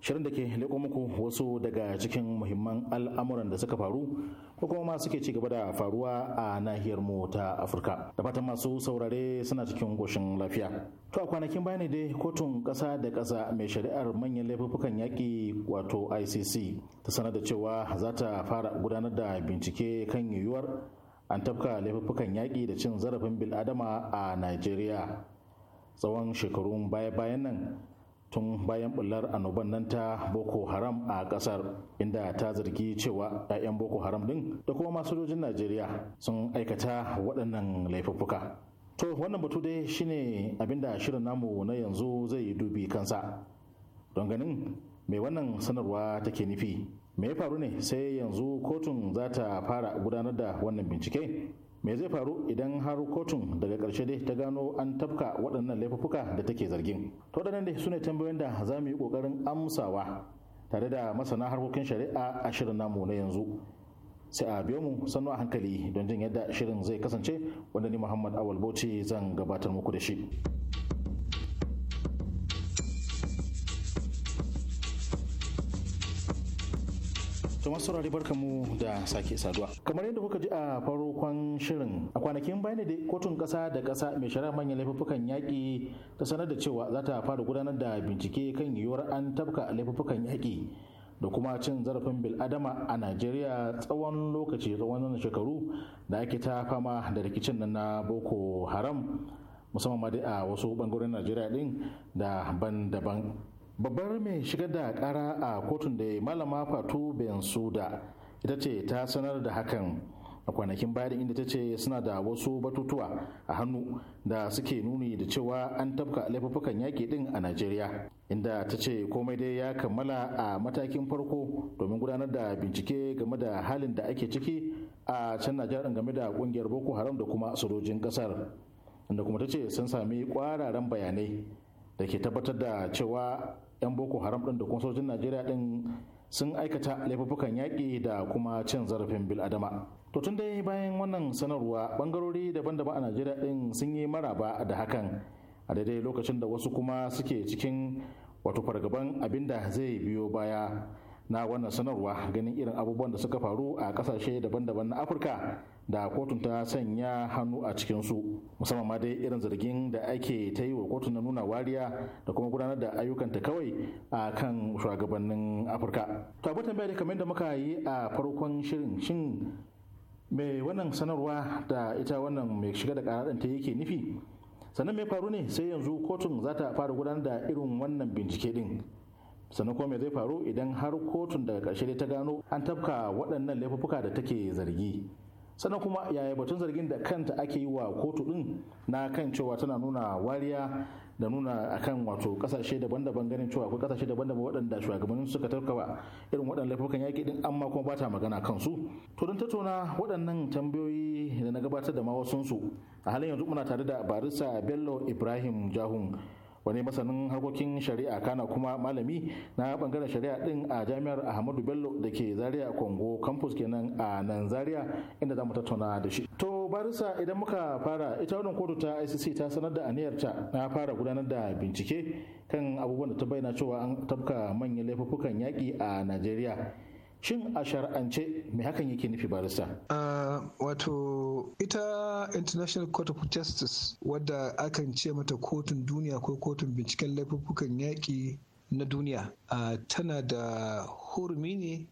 shirin da ke leko muku wasu daga cikin muhimman al'amuran da suka faru ko kuma ma suke ci gaba da faruwa a nahiyar mu ta afirka da fatan masu saurare suna cikin goshin lafiya to a kwanakin bayani dai kotun ƙasa da ƙasa mai shari'ar manyan laifuffukan yaƙi wato icc ta sanar da cewa za ta fara gudanar da bincike kan yiwuwar an tafka laifuffukan yaƙi da cin zarafin bil'adama a najeriya tsawon shekarun baya-bayan nan tun bayan bullar annoban nan ta boko haram a kasar inda ta zargi cewa 'ya'yan boko haram din da kuma masu sojojin najeriya sun aikata waɗannan laifuffuka to wannan batu dai shine abinda shirin namu na yanzu zai yi dubi kansa don ganin mai wannan sanarwa take nufi me ya faru ne sai yanzu kotun za ta fara gudanar da wannan bincike me zai faru idan har kotun daga ƙarshe dai ta gano an tafka waɗannan laifuka da take zargin to nan dai su ne tambayoyin da za mu yi ƙoƙarin amsawa tare da masana harkokin shari'a a shirin namu na yanzu sai a biyo mu sannu a hankali don jin yadda shirin zai kasance wanda ni muhammad awal bauchi zan gabatar muku da shi. To saurari barka mu da sake saduwa. Kamar yadda kuka ji a farkon shirin a kwanakin bayan da kotun kasa da kasa mai shari'a manyan laifukan yaƙi ta sanar da cewa za ta fara gudanar da bincike kan yiwuwar an tafka laifukan yaƙi da kuma cin zarafin bil'adama a najeriya tsawon lokaci tsawon wannan shekaru da ake ta fama da rikicin nan na boko haram musamman ma dai a wasu bangarorin najeriya din da ban daban babbar mai shigar da kara a kotun da malama fatu bensuda ita ce ta sanar da hakan a kwanakin baya inda ta ce suna da wasu batutuwa a hannu da suke nuni da cewa an tabka laifuffukan yaƙi din a najeriya inda ta ce komai dai ya kammala a matakin farko domin gudanar da bincike game da halin da ake ciki a can najeriya game da kungiyar boko haram da kuma sojojin kasar inda kuma ta ce sun sami kwararan bayanai da ke tabbatar da cewa 'yan boko haram ɗin da kuma sojin najeriya ɗin sun aikata laifukan yaƙi da kuma cin zarafin biladama to tun dai bayan wannan sanarwa bangarori daban-daban a najeriya ɗin sun yi maraba da hakan a daidai lokacin da wasu kuma suke cikin wato fargaban abin da zai biyo baya na wannan sanarwa ganin irin abubuwan da suka faru a kasashe daban-daban na afirka da kotun ta sanya hannu a cikinsu musamman ma dai irin zargin da ake ta yi wa kotun na nuna wariya da kuma gudanar da ayyukanta kawai a kan shugabannin afirka to abu tambaya da kamar da muka yi a farkon shirin shin mai wannan sanarwa da ita wannan mai shiga da karaɗin yake nufi sannan mai faru ne sai yanzu kotun za ta fara gudanar da irin wannan bincike din sannan kuma mai zai faru idan har kotun daga ƙarshe ta gano an tafka waɗannan laifuffuka da take zargi sannan kuma yaya batun zargin da kanta ake yi wa kotu din na kan cewa tana nuna wariya da nuna akan wato kasashe daban-daban ganin cewa akwai kasashe daban-daban waɗanda shugabannin suka tarkawa irin waɗannan laifukan yaƙi din amma kuma ba ta magana kansu to don tattauna waɗannan tambayoyi da na gabatar da ma wasunsu a halin yanzu muna tare da barista bello ibrahim jahun wani masanin harkokin shari'a kana kuma malami na bangaren shari'a din a jami'ar ahmadu bello da ke zaria congo campus kenan a nan zaria inda za mu tattauna da shi to barisa idan muka fara ita wannan kotu ta icc ta sanar da aniyarta na fara gudanar da bincike kan abubuwan da ta bayyana cewa an tafka manyan laifuffukan yaƙi a najeriya Shin a shar'ance mai hakan yake nufi barista? Uh, wato ita International Court of Justice wadda akan ce mata kotun duniya ko kotun binciken laifuffukan yaƙi na duniya uh, tana da hurumi ne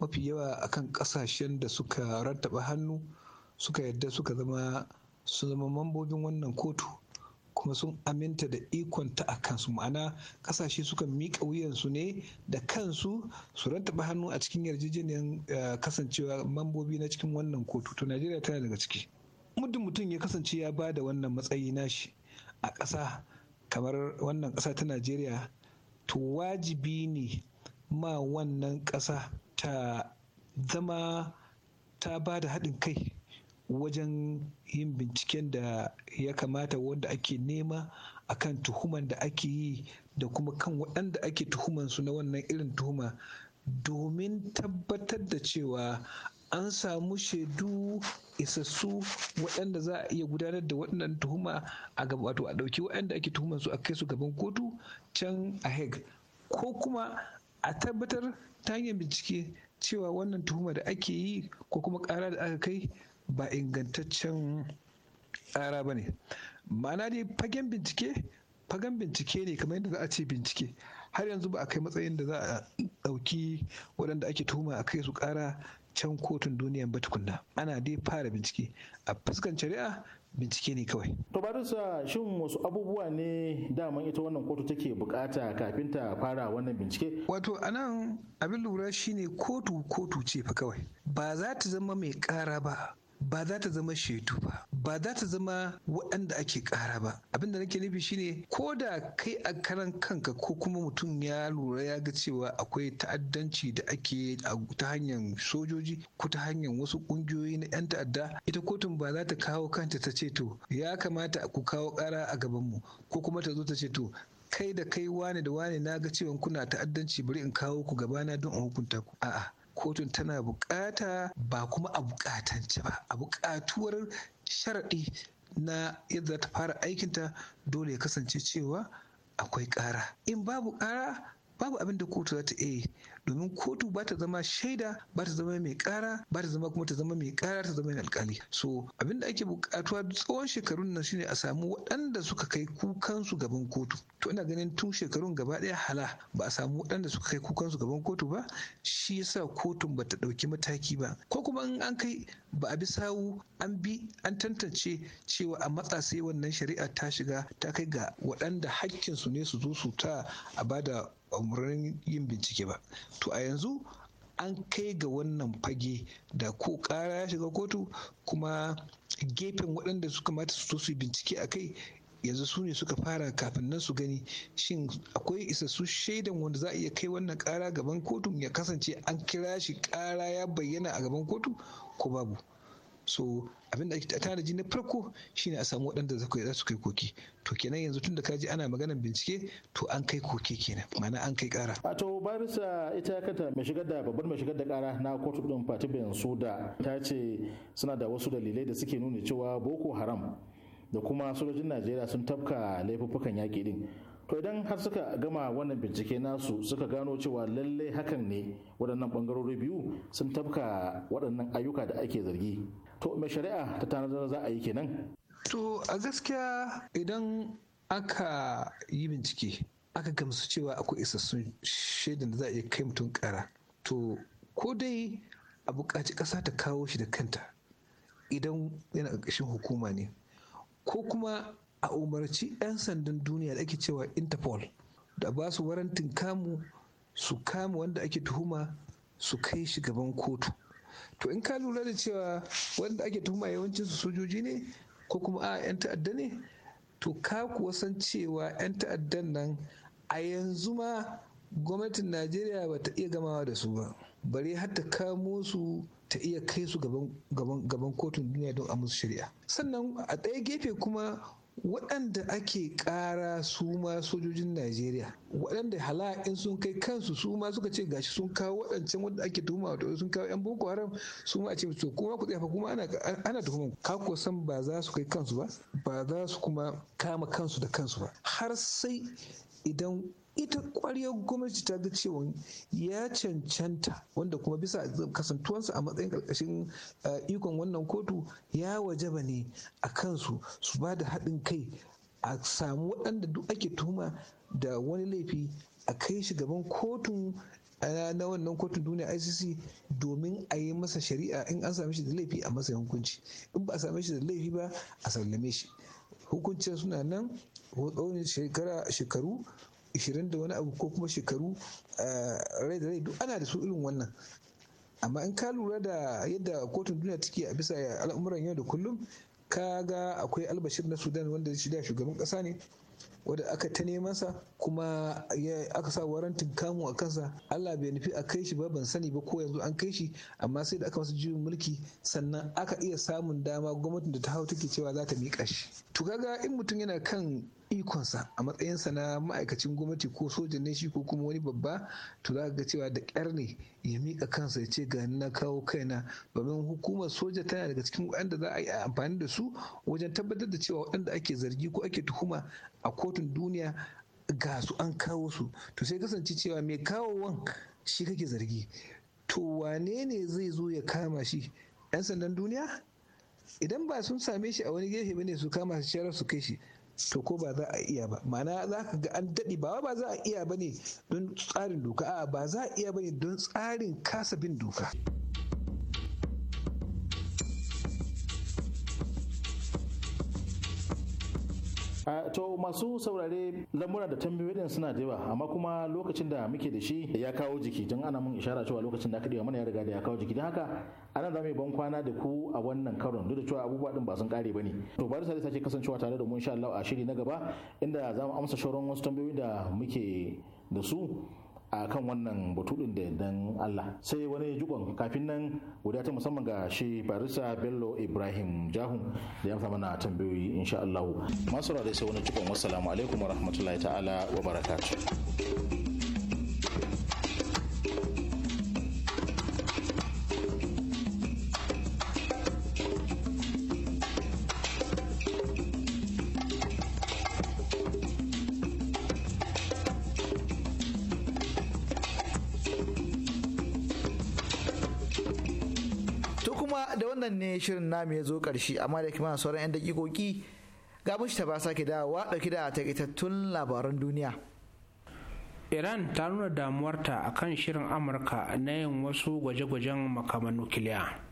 mafi yawa akan ƙasashen da suka rattaba hannu suka yadda suka zama su zama mambobin wannan kotu kuma sun aminta da ikonta a kansu ma'ana kasashe suka miƙa wuyansu ne da kansu su rantaba hannu a cikin yarjejeniyar eh, kasancewa mambobi na cikin wannan kotu to najeriya tana daga ciki muddin mutum ya kasance ya ba da wannan matsayi nashi a ƙasa kamar wannan ƙasa ta najeriya to wajibi ne ma wannan ƙasa ta zama ta ba da haɗin kai wajen yin binciken da ya kamata wanda ake nema a kan tuhuman da ake yi da kuma kan waɗanda ake tuhumansu na wannan irin tuhuma domin tabbatar da cewa an samu shaidu isassu waɗanda za a iya gudanar da waɗannan tuhuma a gaba wato a ɗauki waɗanda ake tuhumansu su a kai su gaban kotu can a hague ko kuma a tabbatar ta hanyar bincike cewa wannan tuhuma da ake yi ko kuma ƙara da aka kai ba ingantaccen ƙara ba ne ma'ana dai fagen bincike fagen bincike ne kamar yadda za a ce bincike har yanzu ba a kai matsayin da za a ɗauki waɗanda ake tuhuma a kai su ƙara can kotun duniyan ba tukunna ana dai fara bincike a fuskan shari'a bincike ne kawai. To sa shin wasu abubuwa ne daman ita wannan kotu take bukata kafin ta fara wannan bincike? Wato anan abin lura shine kotu kotu ce fa kawai ba za ta zama mai ƙara ba ba za ta zama shaidu ba ba za ta zama waɗanda ake ƙara ba abin da nake nufi shine ko da kai a karan kanka ko kuma mutum ya lura ya ga cewa akwai ta'addanci da ake ta hanyar sojoji ko ta hanyar wasu ƙungiyoyi na 'yan ta'adda ita kotun ba za ta kawo kanta ta ce to ya kamata ku kawo ƙara a gabanmu ko kuma ta zo ta ce to kai da kai wane da wane na ga cewa kuna ta'addanci bari in kawo ku gabana don in hukunta ku a'a kotun tana bukata ba kuma a bukatance ba a bukatuwar sharaɗi na yadda ta fara aikinta dole ya kasance cewa akwai ƙara in babu ƙara babu abin da kotu za ta iya domin kotu ba ta zama shaida ba ta zama mai kara ba ta zama kuma ta zama mai kara ta zama mai alkali so abin da ake bukatuwa tsawon shekarun nan shine a samu waɗanda suka kai kukan su gaban kotu to ina ganin tun shekarun gaba ɗaya hala ba a samu waɗanda suka kai kukan su gaban kotu ba shi yasa kotun ba ta ɗauki mataki ba ko kuma in an kai ba a bi sawu an bi an tantance cewa a matsa sai wannan shari'a ta shiga ta kai ga waɗanda hakkin su ne su zo su ta a bada wurin yin bincike ba to a yanzu an kai ga wannan fage da ko kara ya shiga kotu kuma gefen waɗanda su kamata su su bincike a kai yanzu su ne suka fara kafin nan su gani shin akwai isassu shaidan wanda za a iya kai wannan kara gaban kotu ya kasance an kira shi kara ya bayyana a gaban kotu ko babu so abin da ake tanaji na farko shine a samu waɗanda za su kai koke to kenan yanzu tun da kaji ana maganar bincike to an kai koke kenan ma'ana an kai kara a to barisa ita kanta mai shigar da babbar mai shigar da kara na kotu din Fati da ta ce suna da wasu dalilai da suke nuna cewa Boko Haram da kuma sojojin Najeriya sun tafka laifuffukan yaƙi din to idan har suka gama wannan bincike nasu suka gano cewa lallai hakan ne waɗannan ɓangarori biyu sun tafka waɗannan ayyuka da ake zargi to mai shari'a ta tanadar za a yi kenan to a gaskiya idan aka yi bincike aka gamsu cewa akwai isassun shaidan da za a iya kai mutum kara to ko dai a buƙaci ƙasa ta kawo shi da kanta idan yana ƙarƙashin hukuma ne ko kuma a umarci 'yan sandan duniya da ake cewa interpol da ba su warantin kamu su kama wanda ake tuhuma su kai shi gaban kotu to in ka lura da cewa wanda ake tuhuma yawancin su sojoji ne ko kuma a 'yan ta'adda ne to ka kuwa san cewa 'yan ta'addan nan a yanzu ma gwamnatin najeriya ba ta iya gamawa da su ba bare har ta kamo su ta iya kai su gaban kotun duniya don a musu shari'a sannan a ɗaya gefe kuma waɗanda ake ƙara su ma sojojin najeriya waɗanda hala'in sun kai kansu su ma suka ce gashi sun kawo waɗancan wanda ake tuhuma wato sun kawo yan boko haram su ma a ce to kuma ku tsafa kuma ana tuhuman ka ko san ba za su kai kansu ba ba za su kuma kama kansu da kansu ba har sai idan ita ƙwaryar gwamnati ta ga cewa ya cancanta wanda kuma bisa kasantuwarsa a matsayin ƙarƙashin eh, ikon wannan kotu ya wajaba ne a kansu su ba da haɗin kai a samu waɗanda duk ake tuhuma da wani laifi a kai shi gaban kotun eh, na wannan kotun duniya icc domin a yi masa shari'a in an same shi da laifi a masa hukunci in ba a same shi da laifi ba a sallame shi hukuncin suna nan tsawon shekara shekaru ishirin da wani abu ko kuma shekaru eh, rai da rai duk ana da su irin wannan amma in ka lura da yadda kotun duniya take a bisa al'amuran yau da kullum ka ga akwai albashir na sudan wanda shi da shugaban kasa ne wanda aka ta neman sa kuma aka sa warantin kamu a kansa allah bai nufi a kai shi ba ban sani ba ko yanzu an kai shi amma sai da aka masa juyin mulki sannan aka iya samun dama gwamnatin da ta hau take cewa za ta miƙa shi to kaga in mutum yana kan ikonsa a matsayinsa na ma'aikacin gwamnati ko sojan ne shi ko kuma wani babba to za ga cewa da ƙyar ne ya miƙa kansa ya ce gani na kawo kaina domin hukumar soja tana daga cikin waɗanda za a yi amfani da su wajen tabbatar da cewa waɗanda ake zargi ko ake tuhuma a kotun duniya ga su an kawo su to sai kasance cewa mai kawowan shi kake zargi to wane ne zai zo ya kama shi 'yan sandan duniya idan ba sun same shi a wani gefe bane su kama shi su kai shi to ko ba za a iya ba mana za ka ga an daɗe ba ba za a iya ba ne don tsarin doka a ba za a iya ba ne don tsarin kasa bin doka. to masu saurare lamura da tambayoyin suna da yawa amma kuma lokacin da muke da shi ya kawo jiki don ana mun ishara cewa lokacin da aka diba mana ya riga da ya kawo jiki don haka ana za mu yi ban kwana da ku a wannan karon duk da cewa abubuwa din ba sun kare ba ne to bari sai sake kasancewa tare da mu insha Allah a shiri na gaba inda za mu amsa shoron wasu tambayoyi da muke da su a kan wannan batu din da dan Allah sai wani jikon kafin nan guda ta musamman ga shi farisa Bello Ibrahim Jahun da ya mana tambayoyi insha Allah masu da sai wani jikon wassalamu alaikum warahmatullahi ta'ala wa barakatuh shirin namu ya zo karshe amma da kima sauran 'yan dakikoki ga mushi ta ba sake dawowa dauki da takaitattun labaran duniya iran ta nuna damuwarta a kan shirin amurka na yin wasu gwaje-gwajen makaman nukiliya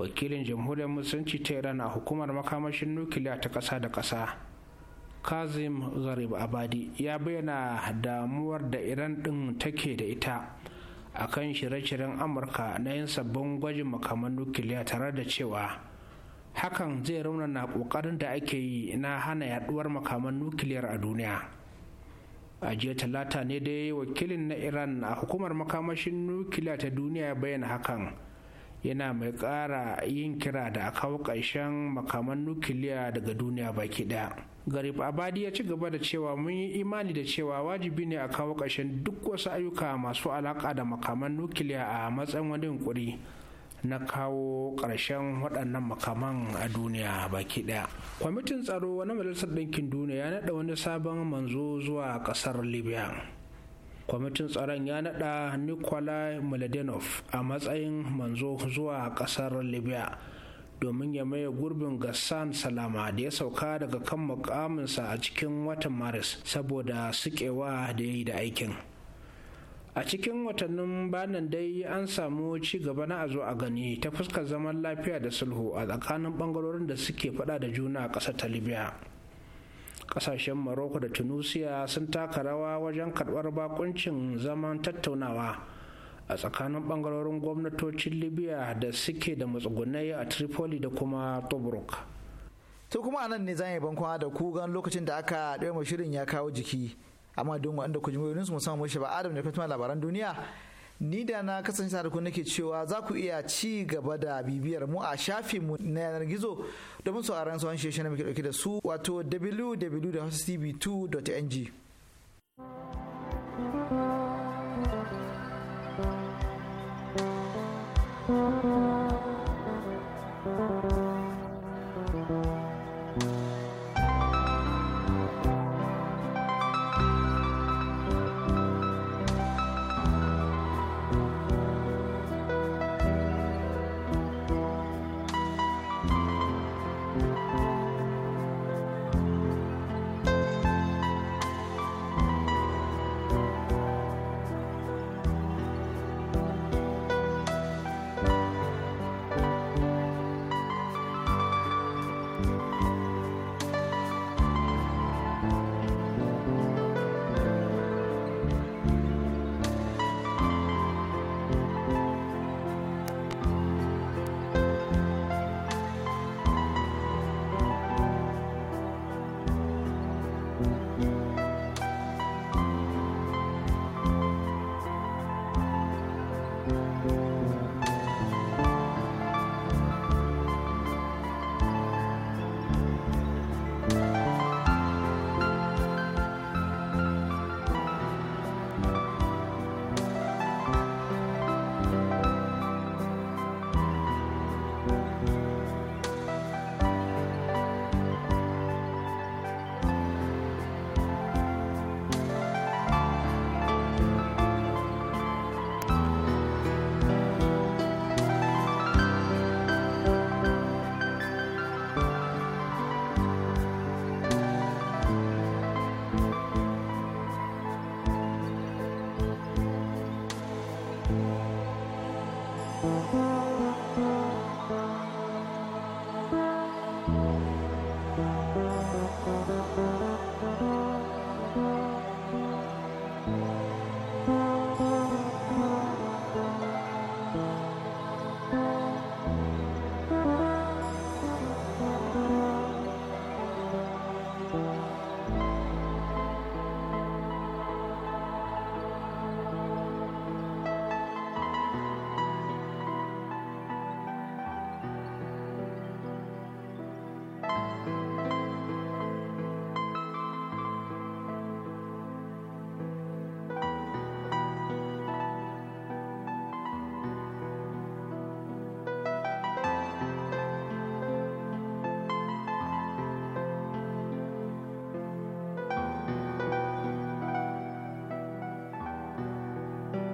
wakilin jamhuriyar musulunci ta iran a hukumar makamashin nukiliya ta ƙasa da kasa kazim garib abadi ya bayyana damuwar da iran ɗin take da ita a kan shirye-shiryen amurka na yin sabbin gwajin makaman nukiliya tare da cewa hakan zai raunana kokarin da ake yi na hana yaduwar makaman nukiliyar a duniya a jiya talata ne dai wakilin na iran a hukumar makamashin nukiliya ta duniya ya bayyana hakan yana mai ƙara yin kira da a kawo ƙarshen makaman nukiliya daga duniya baki ɗaya. garib abadi ya ci gaba da cewa mun yi imani da cewa wajibi ne a kawo ƙarshen duk wasu ayyuka masu alaƙa da makaman nukiliya a matsayin wani yunkuri na kawo ƙarshen waɗannan makaman a duniya baki ɗaya. kwamitin tsaro wani majalisar ɗinkin duniya ya naɗa wani sabon manzo zuwa ƙasar libya kwamitin tsaron ya nada nikolai mladenov a matsayin manzo zuwa kasar libya domin ya maye gurbin gassan salama da ya sauka daga kan mukaminsa a cikin watan maris saboda sukewa da ya yi da aikin a cikin watannin banan dai an samu ci gaba na azo a gani ta fuskar zaman lafiya da sulhu a tsakanin bangarorin da suke fada da juna a ƙasar ta libya kasashen morocco da tunisia sun taka rawa wajen karbar bakuncin zaman tattaunawa a tsakanin bangarorin gwamnatocin libya da suke da matsugunai a tripoli da kuma tobruk to kuma anan ne zan yi bankwana da ku gan lokacin da aka ɗaya shirin ya kawo jiki amma don wanda ku ji musamman shi ba adam da fatima labaran duniya ni da na kasance da ku nake cewa za ku iya ci gaba da bibiyar mu a shafin mu na yanar gizo domin sauraron sauran shirye da muke dauke da su wato www.hostv2.ng thank you